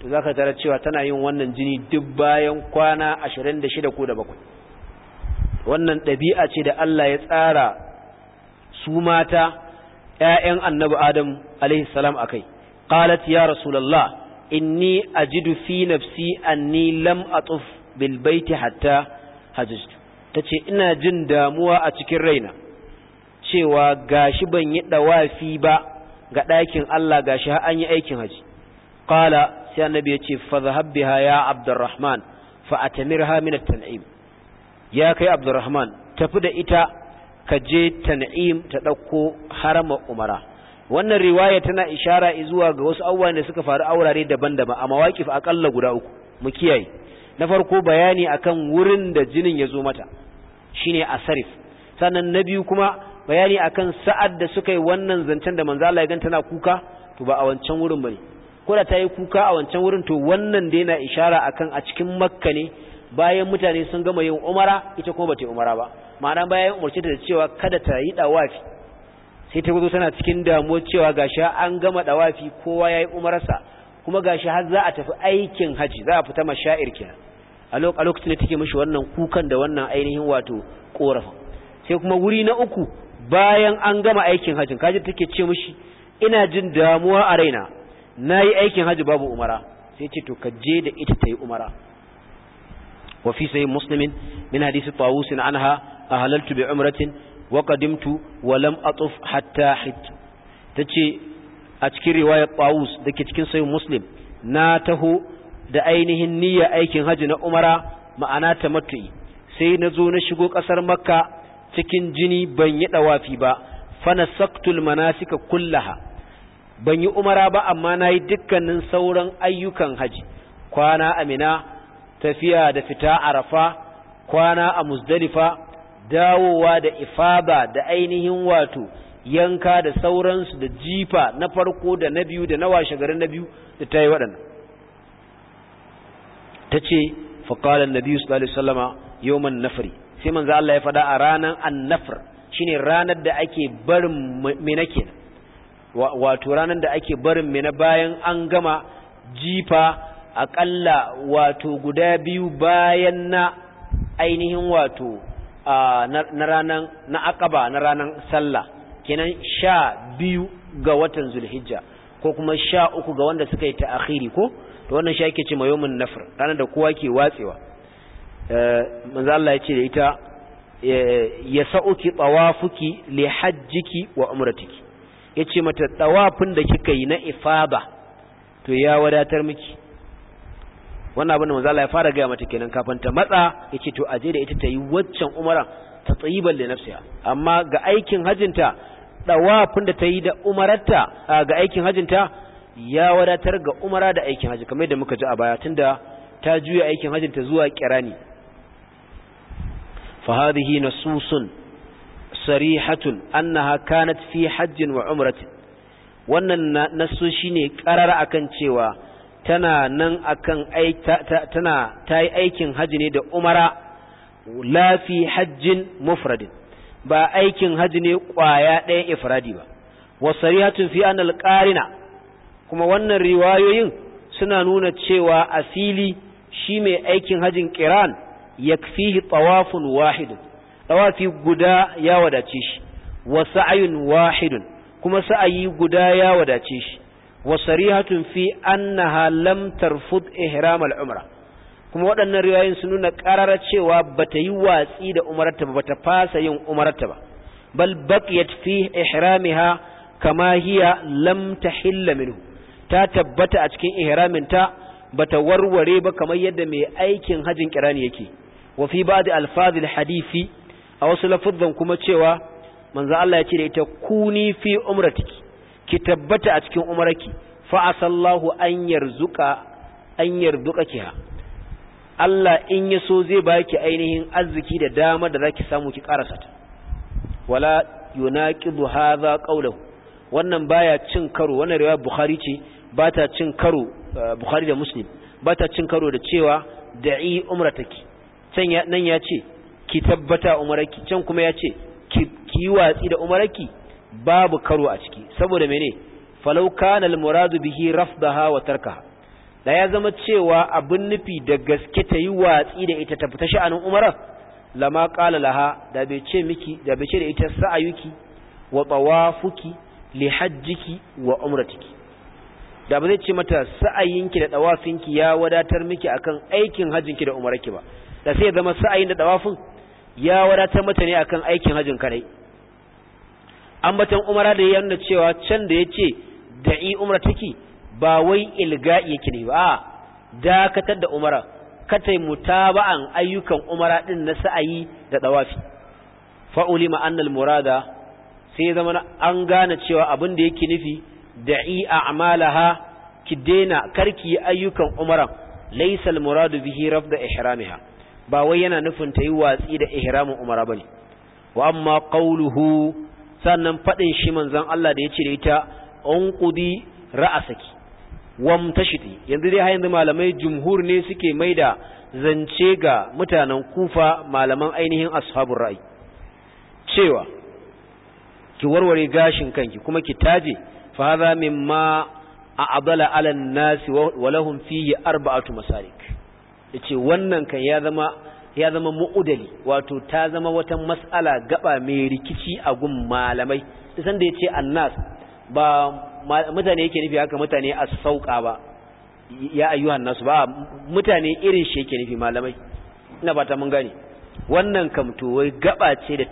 to za ka tara cewa tana yin wannan jini duk bayan kwana ashirin da ko da bakwai wannan ɗabi'a ce da Allah ya tsara su mata ‘ya'yan annabi Adam alaihi a kai qalat ya rasulullah inni ajidu fi nafsi anni lam atuf bil baiti hatta hajjtu tace ina jin damuwa a cikin raina cewa gashi ban yi dawafi ba ga ɗakin Allah gashi an yi aikin haji qala sai annabi yace fa zahab biha ya abdurrahman fa atamirha min at-tan'im ya kai abdurrahman tafi da ita ka je tan'im ta ɗauko harama umara wannan riwaya tana ishara zuwa ga wasu abubuwan da suka faru a wurare daban-daban a mawaƙif akalla guda uku mu kiyaye na farko bayani akan wurin da jinin ya zo mata shine asarif sannan na biyu kuma bayani akan sa'ad da suka yi wannan zancen da manzo ya ganta tana kuka to ba a wancan wurin bane ko da ta yi kuka a wancan wurin to wannan da yana ishara akan a cikin makka ne bayan mutane sun gama yin umara ita kuma bata yi umara ba ma'ana bayan umarci ta da cewa kada ta yi dawafi sai ta gudu tana cikin damuwa cewa gashi an gama dawafi kowa yayi umarsa kuma gashi har za a tafi aikin haji za a fita mashair kina a lokacin da take mishi wannan kukan da wannan ainihin wato korafin sai kuma wuri na uku bayan an gama aikin hajin kaji take ce mishi ina jin damuwa a raina nayi aikin haji babu umara sai ce to ka da ita ta yi umara wa fi sahih muslimin min hadisi tawus anha ahlaltu bi umratin wa walam wa lam atuf hatta hit tace a cikin riwaya da dake cikin sahih Muslim na taho da ainihin niyya aikin hajji na Umara ma'ana ta matu'i, sai na zo na shigo ƙasar Makka cikin jini ban yi ɗawafi ba fanasaktul manasika kullaha ban yi umara ba amma nayi dukkanin sauran ayyukan hajji, kwana amina tafiya da fita arafa kwana a muzdalifa dawowa da ifaba da ainihin wato yanka da sauransu da jifa na farko da na biyu da na washe garin na biyu da ta yi waɗannan ta ce faƙalar biyu sallallahu alaihi wasallama yawman nafari sai manzo Allah ya faɗa a ranar Shi ne ranar da ake barin mina ke. wato ranar da ake barin mina bayan an gama jifa aƙalla wato guda biyu bayan na ainihin wato na ranan na akaba na ranan sallah kenan sha biyu ga watan zulhijja ko kuma sha uku ga wanda suka yi akhiri ko to wannan shi ake ce yawmin nafr ranar da kowa ke watsewa eh, manzo Allah ya ce da ita ya sa'uki tawafuki li hajjiki wa umratiki yace mata tawafin da kika yi na ifada to ya wadatar miki wannan abin da manzo Allah ya fara gaya mata kenan kafin ta matsa yace to aje da ita ta yi waccan umara ta tsayiban da nafsiya amma ga aikin hajinta dawafin da ta yi da umararta ga aikin hajinta ya wadatar ga umara da aikin haji kamar yadda muka ji a baya tunda ta juya aikin hajinta zuwa kirani fa hadhihi nasusun sarihatun annaha kanat fi hajjin wa umrati wannan nasu shine karara akan cewa tana nan akan tana ta aikin haji ne da umara lafi hajjin mufradin ba aikin haji ne kwaya ɗaya ifradi ba wasarihatun fi an alƙarina kuma wannan riwayoyin suna nuna cewa asili shi mai aikin hajin kiran yakfihi tawafun wahidun tawafi guda ya wadace shi wa wahidun kuma sa'ayi guda ya wadace shi wa sarihatun fi annaha lam tarfud ihram al-umra kuma waɗannan riwayoyin sun nuna ƙarara cewa bata yi watsi da umarta ba bata fasa yin umarta ba bal baqiyat fi ihramiha kama hiya lamta tahilla ta tabbata a cikin ihramin ta bata warware ba kamar yadda mai aikin hajin kirani yake wa fi ba'd alfazil hadifi a wasu lafuzan kuma cewa manzo Allah ya ce da ita kuni fi umratiki ki tabbata a cikin umarki fa asallahu an yarzuka an yarduka kiha Allah in ya so zai baki ainihin arziki da dama da zaki samu ki karasa ta wala yunaqidu hadha qawluhu wannan baya cin karo wannan riwaya bukhari ce bata cin karo eh, bukhari da muslim bata cin karo da cewa da'i umrataki can nan ya ce ki tabbata umarki can kuma ya ce ki yi watsi da umarki babu karo a ciki saboda mene falau kana muradu bihi rafdaha wa tarkaha da ya zama cewa abin nufi da gaske ta yi watsi da ita ta fita sha'anin umara lama qala laha da bai ce miki da bai ce da ita sa'ayuki wa tawafuki li hajjiki wa umratiki da ba zai ce mata sa'ayinki da tawafinki ya wadatar miki akan aikin hajjinki da umarki ba da sai ya zama sa'ayin da tawafin ya wadatar mata ne akan aikin hajjin kadai ambaton umara da ya nuna cewa can da ya ce da'i umara take ba wai ilga'i yake ne ba dakatar da umara katai mutaba'an ayyukan umara din na sa'ayi da dawafi fa'ulima annal murada sai zama an gane cewa abin da yake nufi a a'malaha ki daina karki ayyukan umara laysal muradu bihi rafda ihramiha ba wai yana nufin ta yi watsi da ihramin umara bane wa amma qawluhu sannan faɗin shi manzon Allah da ya cire ta ita unqudi ra'asaki wamtashiti yanzu dai har yanzu malamai jumhur ne suke maida zance ga mutanen kufa malaman ainihin ashabur ra'i cewa ki warware gashin kanki kuma ki taje fa hadha mimma a'dala 'ala an wa lahum fihi arba'atu masalik yace wannan kan ya zama ya zama mu'udali wato ta zama wata mas'ala gaba mai rikici a gun malamai isan da yace annas ba mutane yake nufi haka mutane a sauka ba ya ayyuhan annasu ba mutane irin shi yake nufi malamai ina ba ta mun gane wannan kamto wai gaba ce da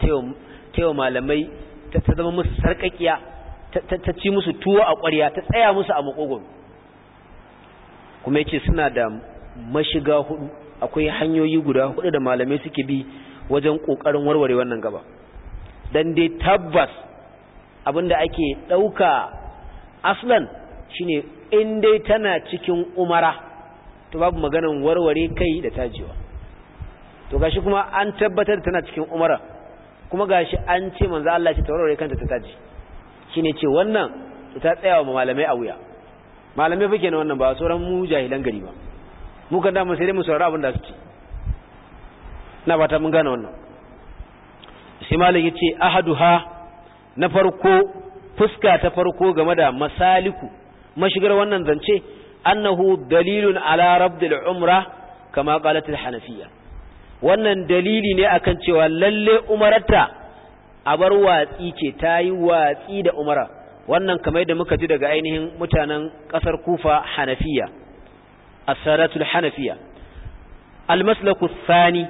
taiwa malamai ta zama musu sarkakiya ta ci musu tuwo a ƙwarya ta tsaya musu a makogon kuma yace suna da mashiga hudu akwai hanyoyi guda hudu da malamai suke bi wajen kokarin warware wannan gaba dan dai tabbas abinda ake dauka aslan shine in dai tana cikin umara to babu maganan warware kai da tajiwa to gashi kuma an tabbatar tana cikin umara kuma gashi an ce manzo Allah shi ta warware kanta ta taji shine ce wannan ta tsaya wa malamai a wuya malamai fike ne wannan ba sauran mu jahilan gari ba mu kan damu sai dai mu saurari abin da suke na bata mun gane wannan sai malam yace ahaduha na farko fuska ta farko game da masaliku mashigar wannan zance annahu dalilun ala rabdil umra kama qalatil hanafiya wannan dalili ne akan cewa lalle umarata bar watsi ce tayi watsi da umara wannan kamar yadda muka ji daga ainihin mutanen kasar kufa hanafiya A asaratul hanafiya almaslaku thani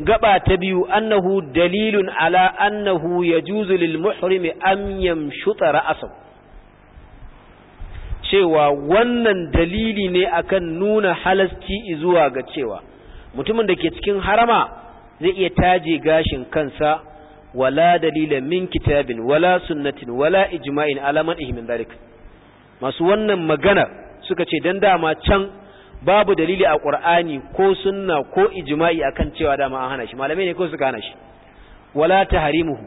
gaba ta biyu annahu dalilun ala annahu yajuzu lil muhrimi an yamshuta ra'sahu cewa wannan dalili ne akan nuna halasci izuwa ga cewa mutumin da ke cikin harama zai iya taje gashin kansa wala dalila min kitabin wala sunnatin wala ijma'in alaman ihmin dalik masu wannan maganar. suka ce dan dama can babu dalili a qur'ani ko sunna ko ijma'i akan cewa dama an hana shi malamai ne ko suka hana shi wala tahrimuhu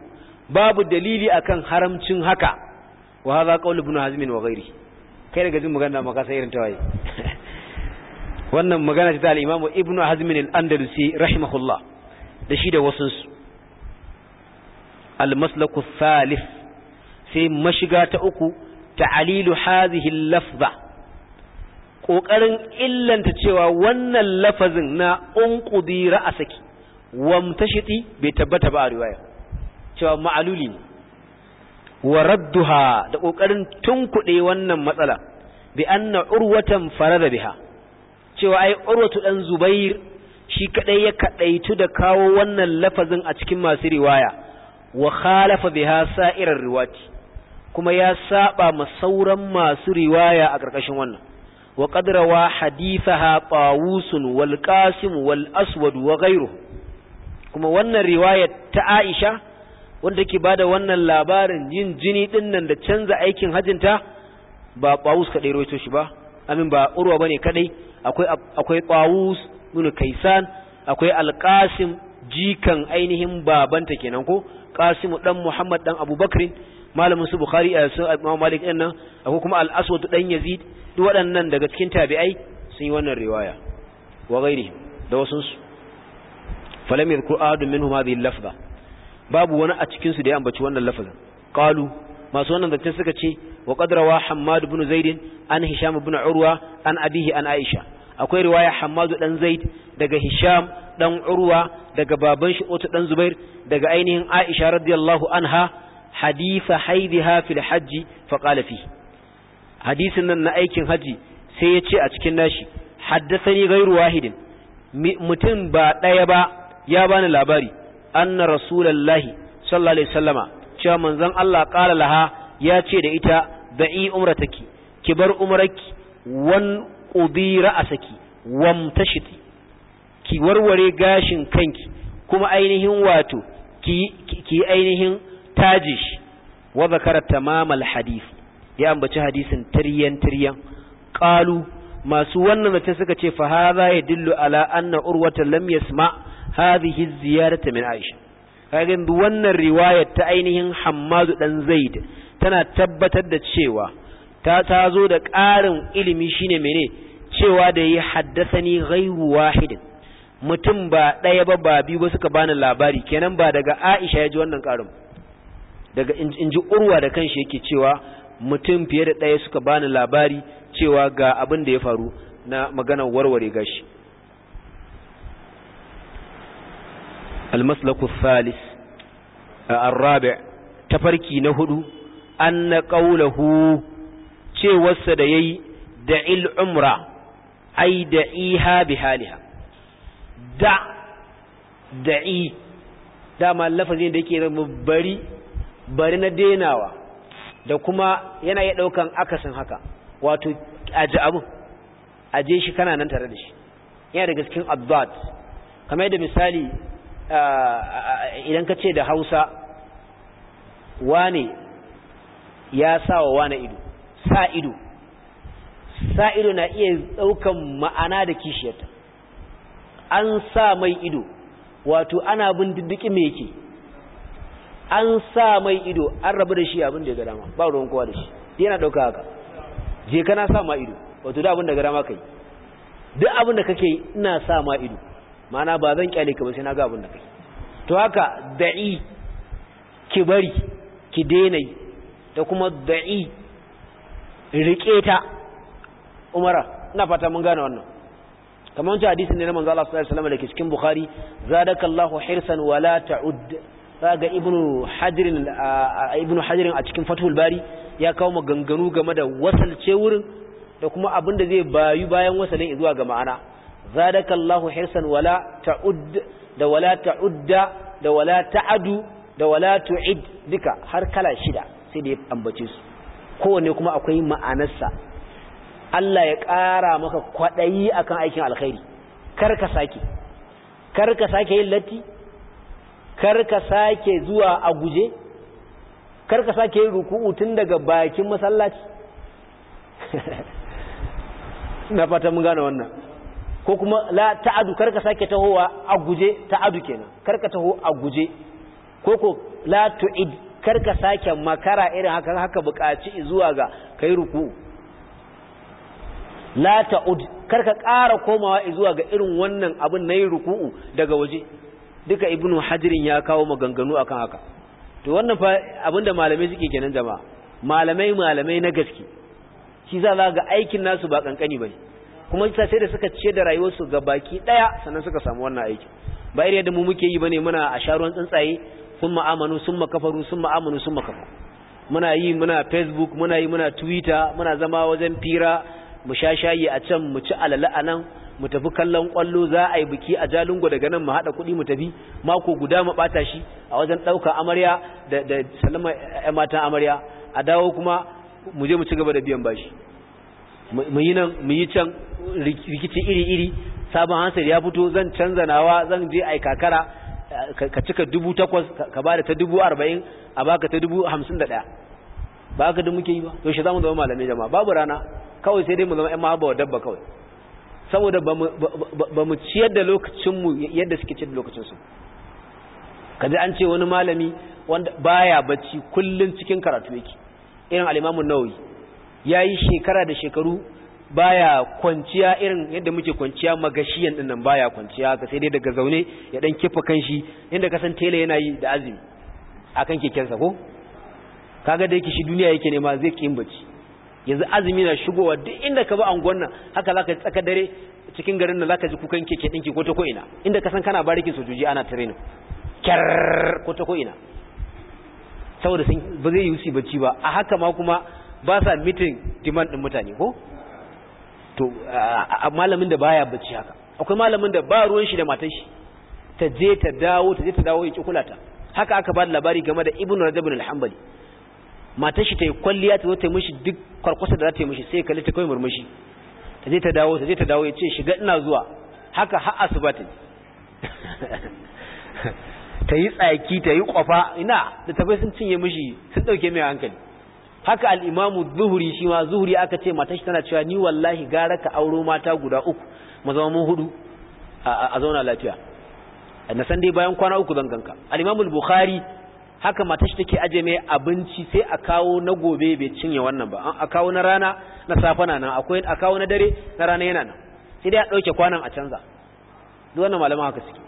babu dalili akan haramcin haka wa hadha qaul ibn hazm wa ghairi kai daga jin magana maka sai irin tawaye wannan magana ta al-imam ibn hazm al-andalusi rahimahullah da shi da wasu al-maslaku thalith sai mashiga ta uku ta'alilu hadhihi al-lafza ƙoƙarin illanta cewa wannan lafazin na unqudi ra'asaki wamtashiti bai tabbata ba a riwaya cewa ma'aluli ne wa radduha da kokarin tunkuɗe wannan matsala bi anna urwatan farada biha cewa ai urwatu dan zubair shi kadai ya kadaitu da kawo wannan lafazin a cikin masu riwaya wa khalafa biha sa'irar riwati kuma ya saba ma sauran masu riwaya a karkashin wannan wa qad rawa hadithaha tawus wal qasim kuma wannan riwayar ta Aisha wanda ke bada wannan labarin yin jini din nan da canza aikin hajinta ba tawus kadai rawaito shi ba amin ba urwa bane kadai akwai akwai tawus ibn kaisan akwai alqasim jikan ainihin babanta kenan ko qasimu dan muhammad dan abubakrin malamin su bukhari a eh, su imam malik din nan akwai kuma al-aswad dan yazid duk waɗannan daga cikin tabi'ai sun yi wannan riwaya wa ghairi da wasu su falam yadhkur ahadun minhum hadhihi al-lafza babu wani a cikin su da ya ambaci wannan lafazin qalu masu wannan ta suka ce wa qad rawa hammad ibn zaid an hisham ibn urwa an abihi an aisha akwai riwaya hammad dan zaid daga hisham dan urwa daga baban shi otu dan zubair daga ainihin aisha radiyallahu anha hadisa haidiha fil hajji fa qala fi hadisin nan na aikin haji sai ya ce a cikin nashi haddathani ghairu wahidin mutum ba daya ba ya bani labari anna rasulullahi sallallahu alaihi wasallama cewa manzon Allah qala laha ya ce da ita da'i umrataki ki bar umrarki wan qudi ra'asaki wamtashiti ki warware gashin kanki kuma ainihin wato ki ki ainihin taje shi wa zakara tamamal hadith ya ambaci hadisin tiryan tiryan qalu masu wannan ta suka ce fa hadha yadullu ala anna urwata lam yasma hadhihi ziyarata min aisha kaga duk wannan riwayar ta ainihin hammadu dan zaid tana tabbatar da cewa ta zo da ƙarin ilimi shine mene cewa da yi haddasani ghairu wahidin mutum ba ɗaya ba ba biyu ba suka bani labari kenan ba daga aisha ya ji wannan ƙarin daga in ji urwa da kanshi yake cewa mutum fiye da ɗaya suka bani labari cewa ga abin da ya faru na magana warware gashi almaslaku thalis a ta farki na hudu an na ƙaunahu cewarsa da ya yi da il'umra ai da iha bi haliha da da'i dama lafazin da yake zama bari bari na denawa da kuma yana iya ɗaukan akasin haka wato aji abu aje shi kana nan tare da shi yana daga cikin abbad kamar da misali idan ka ce da hausa wane ya sa wa wane ido sa ido sa ido na iya ɗaukan ma'ana da kishiyarta an sa mai ido wato ana bin diddiki me yake an sa mai ido an rabu da shi abin da ya ga dama ba ruwan kowa da shi yana ɗauka haka je kana sa ma ido wato da abin da ga dama kai duk abin da kake ina sa ma ido ma'ana ba zan kyale ka ba sai na ga abin da kai to haka da'i ki bari ki daina da kuma da'i rike ta umara ina fata mun gane wannan kamar wancan hadisin ne na manzo Allah sallallahu alaihi wasallam da ke cikin Bukhari zadakallahu hirsan wala ta'ud za ga ibnu hadirin ibnu a cikin fathul bari ya kawo maganganu game da wasalce wurin da kuma abin da zai bayu bayan wasalin zuwa ga ma'ana zadakallahu hirsan wala ta'ud da wala ta'udda da wala ta'adu da wala tu'id duka har kala shida sai da ya ambace su kowanne kuma akwai ma'anarsa Allah ya ƙara maka kwaɗayi akan aikin alkhairi kar ka sake kar ka sake yin latti kar ka sake zuwa a guje kar ka sake yin ruku'u tun daga bakin masallaci na fata mun gane wannan ko kuma la ta'adu kar ka sake tahowa a guje ta'adu kenan kar ka taho a guje ko ko la tu'id kar ka sake makara irin haka haka buƙaci zuwa ga kai ruku'u la ta'ud kar ka ƙara komawa zuwa ga irin wannan abin na ruku'u daga waje duka ibnu hajirin ya kawo maganganu akan haka to wannan fa abinda malamai suke kenan jama'a malamai malamai na gaske shi za za ga aikin nasu ba kankani bane kuma ita sai da suka ce da rayuwarsu ga baki daya sannan suka samu wannan aiki ba irin da mu muke yi bane muna a sharuwan tsuntsaye sun amanu sun kafaru sun amanu sun kafaru muna yi muna facebook muna yi muna twitter muna zama wajen fira mu sha shayi a can mu ci alala a mu tafi kallon kwallo za a yi biki a jalingo daga nan mu haɗa kuɗi mu tafi mako guda mu bata shi a wajen ɗauka amarya da da sallama ƴan matan amarya a dawo kuma mu je mu ci gaba da biyan bashi mu yi nan mu yi can rikici iri iri sabon hansar ya fito zan canza nawa zan je ai kakara ka cika dubu takwas ka ba da ta dubu arba'in a baka ta dubu hamsin da ɗaya ba haka da muke yi ba to shi za mu zama malamai jama'a babu rana kawai sai dai mu zama ƴan mahabba dabba kawai saboda ba mu ciyar da lokacinmu yadda suke ciyar da lokacinsu kaji an ce wani malami wanda baya bacci kullum cikin karatu yake irin alimamun nauyi, ya yi shekara da shekaru baya kwanciya irin yadda muke kwanciya magashiyan dinnan baya kwanciya ka sai dai daga zaune ya dan kifa kanshi inda ka san tele yana yi da azumi akan kekensa ko kaga da yake shi duniya yake nema zai ki yin bacci yanzu azumi na shigowa duk inda ka bi anguwan nan haka zaka tsaka dare cikin garin nan zaka ji kukan keke dinki ko ta ko ina inda ka san kana barikin sojoji ana training kyar ko ta ko ina saboda sun ba zai yi bacci ba a haka ma kuma ba sa meeting demand din mutane ko to malamin da baya bacci haka akwai malamin da ba ruwan shi da matan shi ta je ta dawo ta je ta dawo ya ci kulata haka aka ba da labari game da ibnu rajab al-hanbali matar shi ta yi kwalliya ta zo ta yi mishi duk kwarkwasa da za ta yi mishi sai kalli ta kawai murmushi ta je ta dawo ta je ta dawo ya ce shiga ina zuwa haka har asuba ta ta yi tsaki ta yi kwafa ina da tafai sun cinye mishi sun dauke mai hankali haka al'imamu zuhuri shi ma zuhuri aka ce matar shi tana cewa ni wallahi gara ka auro mata guda uku mu zama mun hudu a zauna lafiya na san dai bayan kwana uku zan ganka Al'imamul bukhari haka mata shi take aje mai abinci sai a kawo na gobe bai cinye wannan ba a kawo na rana na safa na nan akwai a kawo na dare na rana yana nan sai dai a dauke kwanan a canza duk wannan malaman haka suke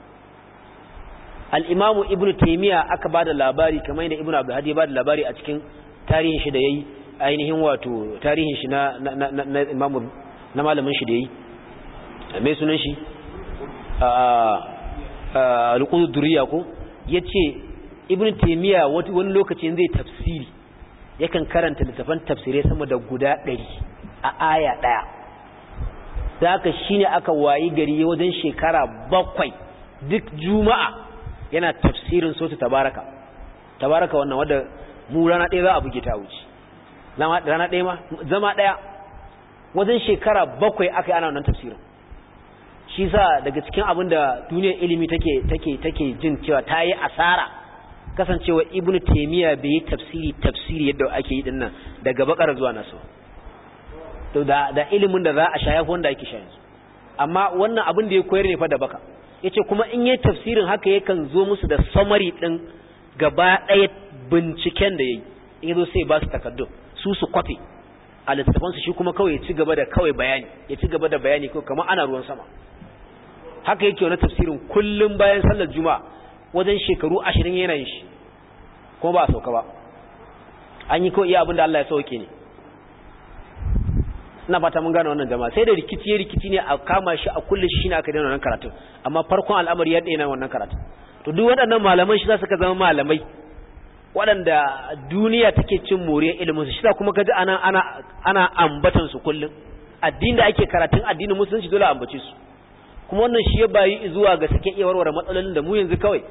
al-imamu ibnu taymiya aka bada labari kamar yadda ibnu abdul hadi bada labari a cikin tarihin shi da yayi ainihin wato tarihin shi na na na imamu na malamin shi da yayi mai sunan shi a al qudduriyya ko yace ibn taymiya wani lokaci zai tafsiri yakan karanta littafan tafsirai sama da guda ɗari a aya ɗaya da shine aka wayi gari wajen shekara bakwai duk juma'a yana tafsirin sota tabaraka tabaraka wannan wadda mu rana ɗaya za a buge ta wuce rana daya ma zama ɗaya wajen shekara bakwai aka yi ana wannan tafsirin shi sa daga cikin abin da duniyar ilimi take take take jin cewa ta yi asara kasancewa ibnu taymiya bai yi tafsiri tafsiri yadda ake yi dinnan daga bakar zuwa nasu to da da ilimin da za a sha ko wanda ake sha amma wannan abin da ya koyar ne fa da baka yace kuma in yayi tafsirin haka yakan zo musu da summary din gaba daya binciken da yayi in yazo sai ba su takaddu su su kwafi a su shi kuma kawai ya ci gaba da kawai bayani ya ci gaba da bayani kawai kamar ana ruwan sama haka yake wani tafsirin kullum bayan sallar juma'a wajen shekaru ashirin yanayin shi kuma ba a sauka ba an yi kawai iya abin da Allah ya sauke ne ina fata mun gane wannan jama'a sai da rikici ya rikici ne a kama shi a kulle shi ne aka daina wannan karatun amma farkon al'amari ya daina wannan karatun to duk waɗannan malaman shi za su ka zama malamai waɗanda duniya take cin moriya ilimin su shi za kuma kaji ana ana ambatan su kullum addinin da ake karatun addinin musulunci dole ambace su kuma wannan shi ya bayi zuwa ga sake iya warware matsalolin da mu yanzu kawai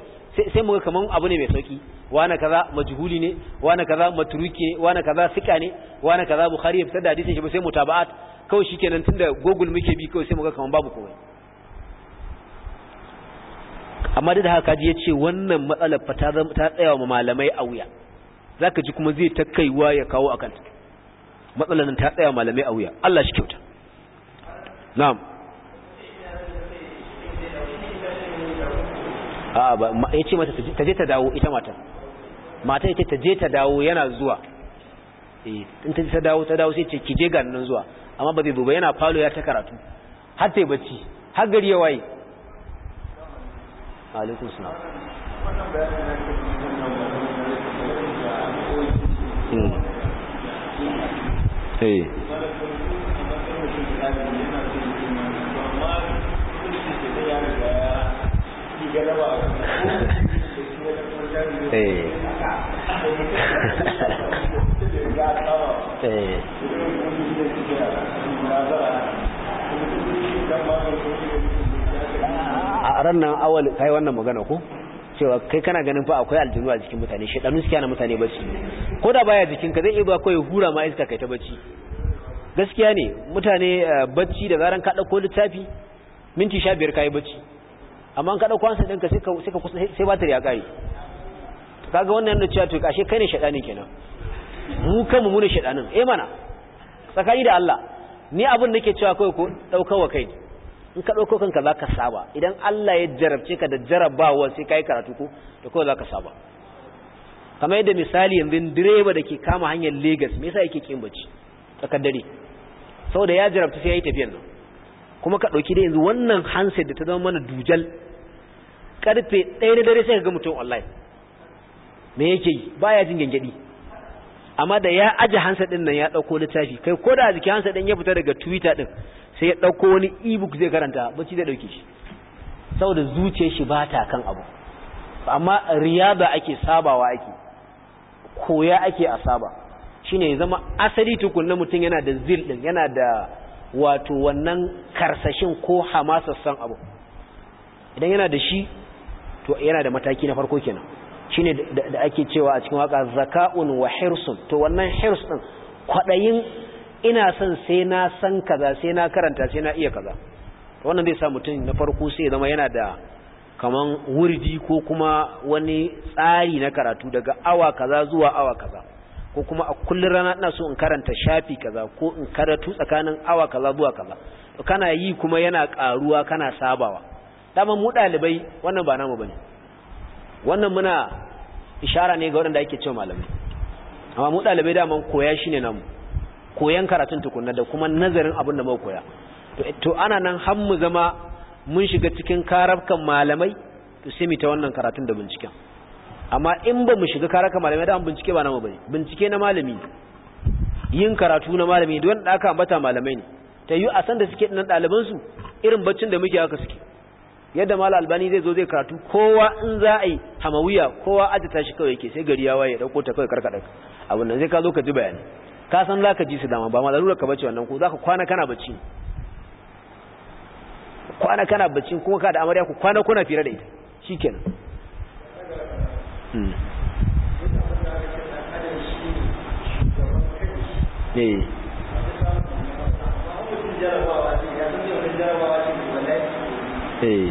sai muka kaman abu ne mai sauki wani kaza majhuli ne wani kaza matruki ne wani kaza sika ne wani kaza bukhari ya fitar da hadisin shi ba sai mutaba'at kawai shikenan tunda google muke bi kawai sai muka kaman babu komai amma da haka ji yace wannan matsalar fa ta ta tsaya wa malamai a wuya zaka ji kuma zai ta kaiwa ya kawo akan matsalar nan ta tsaya malamai a wuya Allah shi kyauta na'am a ba ya ce mata ta je ta dawo ita mata mata ya ce ta je ta dawo yana zuwa eh, in ta ta dawo ta dawo sai ce ki je ganin zuwa amma ba zai ba yana falo ya ta karatu har ta yi bacci har gari ya waye alaikum salam hmm. eh a ran nan awal kai wannan magana ko cewa kai kana ganin fa akwai aljinu a cikin mutane shi shedanu suke na mutane bacci ko da baya jikin ka zai iya ba kai hura ma iska kai ta bacci gaskiya ne mutane eh, bacci da zaran ka dauko littafi minti 15 kai bacci amma ka dauko hansa ɗinka sai ka kusa sai batir ya kare kaga wannan da cewa to kashe kai ne shadanin kenan mu kanmu mu ne shadanin eh mana tsakani da Allah ni abin nake cewa kai ko wa kai in ka dauko kanka zaka saba idan Allah ya jarabce ka da jarabawa sai kai karatu ko to kai zaka saba kamar yadda misali yanzu direba da ke kama hanyar Lagos me yasa yake kin bacci tsakar dare saboda ya jarabta sai yayi tafiyar nan kuma ka dauki da yanzu wannan handset da ta zama mana dujal karfe ɗaya na dare sai ga mutum online me yake yi ba ya jin gangadi amma da ya aje hansa din nan ya ɗauko littafi kai ko da jiki hansa din ya fita daga twitter din sai ya ɗauko wani ebook zai karanta shi zai dauke shi saboda zuciyar shi ba ta kan abu amma riyada ake sabawa ake koya ake a saba shine ya zama asali tukun tukunna mutum yana da zil din yana da wato wannan karsashin ko hamasar san abu idan yana da shi to yana da mataki na farko kenan shine da ake cewa a cikin waka zaka'un wa hirsun to wannan hirs din kwadayin ina son sai na san kaza sai na karanta sai na iya kaza To wannan zai sa mutum na farko sai zama yana da kaman wurdi ko kuma wani tsari na karatu daga awa kaza zuwa awa kaza ko kuma a kullun rana ina so in karanta shafi kaza ko in karatu tsakanin awa kaza zuwa kaza kana yi kuma yana karuwa kana sabawa dama mu dalibai wannan ba namu bane wannan muna ishara ne ga waɗanda ake cewa malamai amma mu dalibai daman koya shi ne namu koyan karatun tukunna da kuma nazarin abin da muka koya to ana nan har mu zama mun shiga cikin karabkan malamai to sai mu ta wannan karatun da binciken amma in ba mu shiga karabkan malamai da an bincike ba namu bane bincike na malami yin karatu na malami don da aka ambata malamai ne ta yi a san da suke nan ɗalibansu irin baccin da muke haka suke yadda mala albani zai zo zai karatu kowa in za a yi hamawiya kowa ta shi kawai ke sai gari ya waye ya dauko ta kawai karkada abin nan zai ka zo ka ji bayani ka san za ka ji su dama ba ma larura ka bace wannan ko za ka kwana kana bacci kwana kana bacci kuma ka da amarya ku kwana kuna fira da ita shi kenan jarabawa hmm. eh. Eh.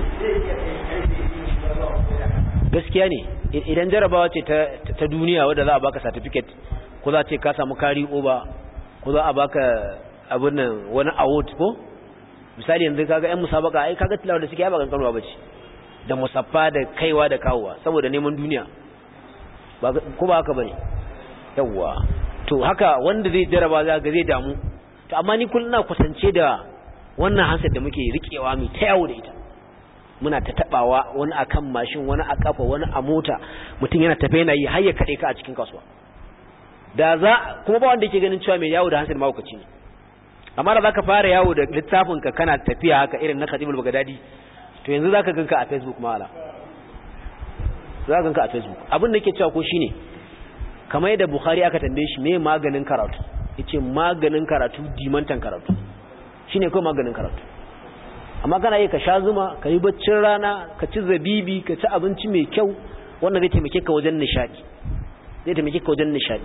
gaskiya ne idan jarabawa ce ta duniya wadda za a baka certificate ko za a ce ka samu kari oba ko za a baka abin wani award ko misali yanzu kaga yan musabaka ai kaga tilawa da suke yaba kankanuwa bace da musaffa da kaiwa da kawowa saboda neman duniya ko ba haka bane yawa to haka wanda zai jaraba za ga zai damu to amma ni kullum na kusance da wannan hansar da muke riƙewa mai ta yawo da ita muna ta tabawa wani a kan mashin wani a kafa wani a mota mutum yana tafe yana yi har kaɗe ka a cikin kasuwa da za kuma ba wanda yake ganin cewa mai yawo da hansar mahaukaci ne amma da za ka fara yawo da littafin ka kana tafiya haka irin na Khadijul daɗi. to yanzu za ka ganka a Facebook za ka ganka a Facebook abin da ke cewa ko shine kamar yadda Bukhari aka tambaye shi me maganin karatu ce maganin karatu dimantan karatu shine kawai maganin karatu amma kana yi ka sha zuma ka yi baccin rana ka ci zabibi ka ci abinci mai kyau wannan zai taimake ka wajen nishadi zai taimake ka wajen nishadi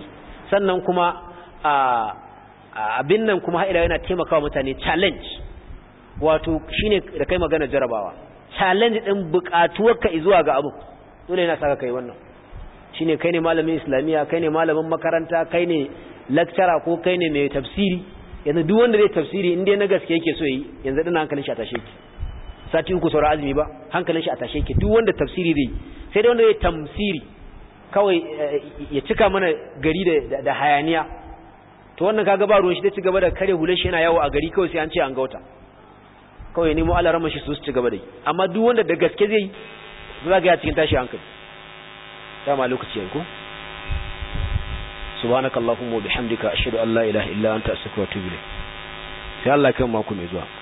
sannan kuma a abin nan kuma haɗa yana taimakawa mutane challenge wato shine da kai magana jarabawa challenge din buƙatuwar ka zuwa ga abu dole yana saka kai wannan shine kai ne malamin islamiya kai ne malamin makaranta kai ne lecturer ko kai ne mai tafsiri yanzu duk wanda zai tafsiri inda na gaske yake so yi yanzu dana hankalin shi a tashe ki sati uku saura azumi ba hankalin shi a tashe ki duk wanda tafsiri zai sai dai wanda zai tamsiri kawai eh, ya cika mana gari da hayaniya to wannan kaga ba ruwan shi da ci gaba da kare hulan shi yana yawo a gari kawai sai an ce an gauta kawai nemo Allah rama shi su ci gaba da yi amma duk wanda da gaske zai yi za ga ya cikin tashi hankali dama lokaci yanku ko subhanakallahumma wa bihamdika ashhadu an la ilaha illa anta astaghfiruka wa atubu ilayk sai Allah kan mako mai zuwa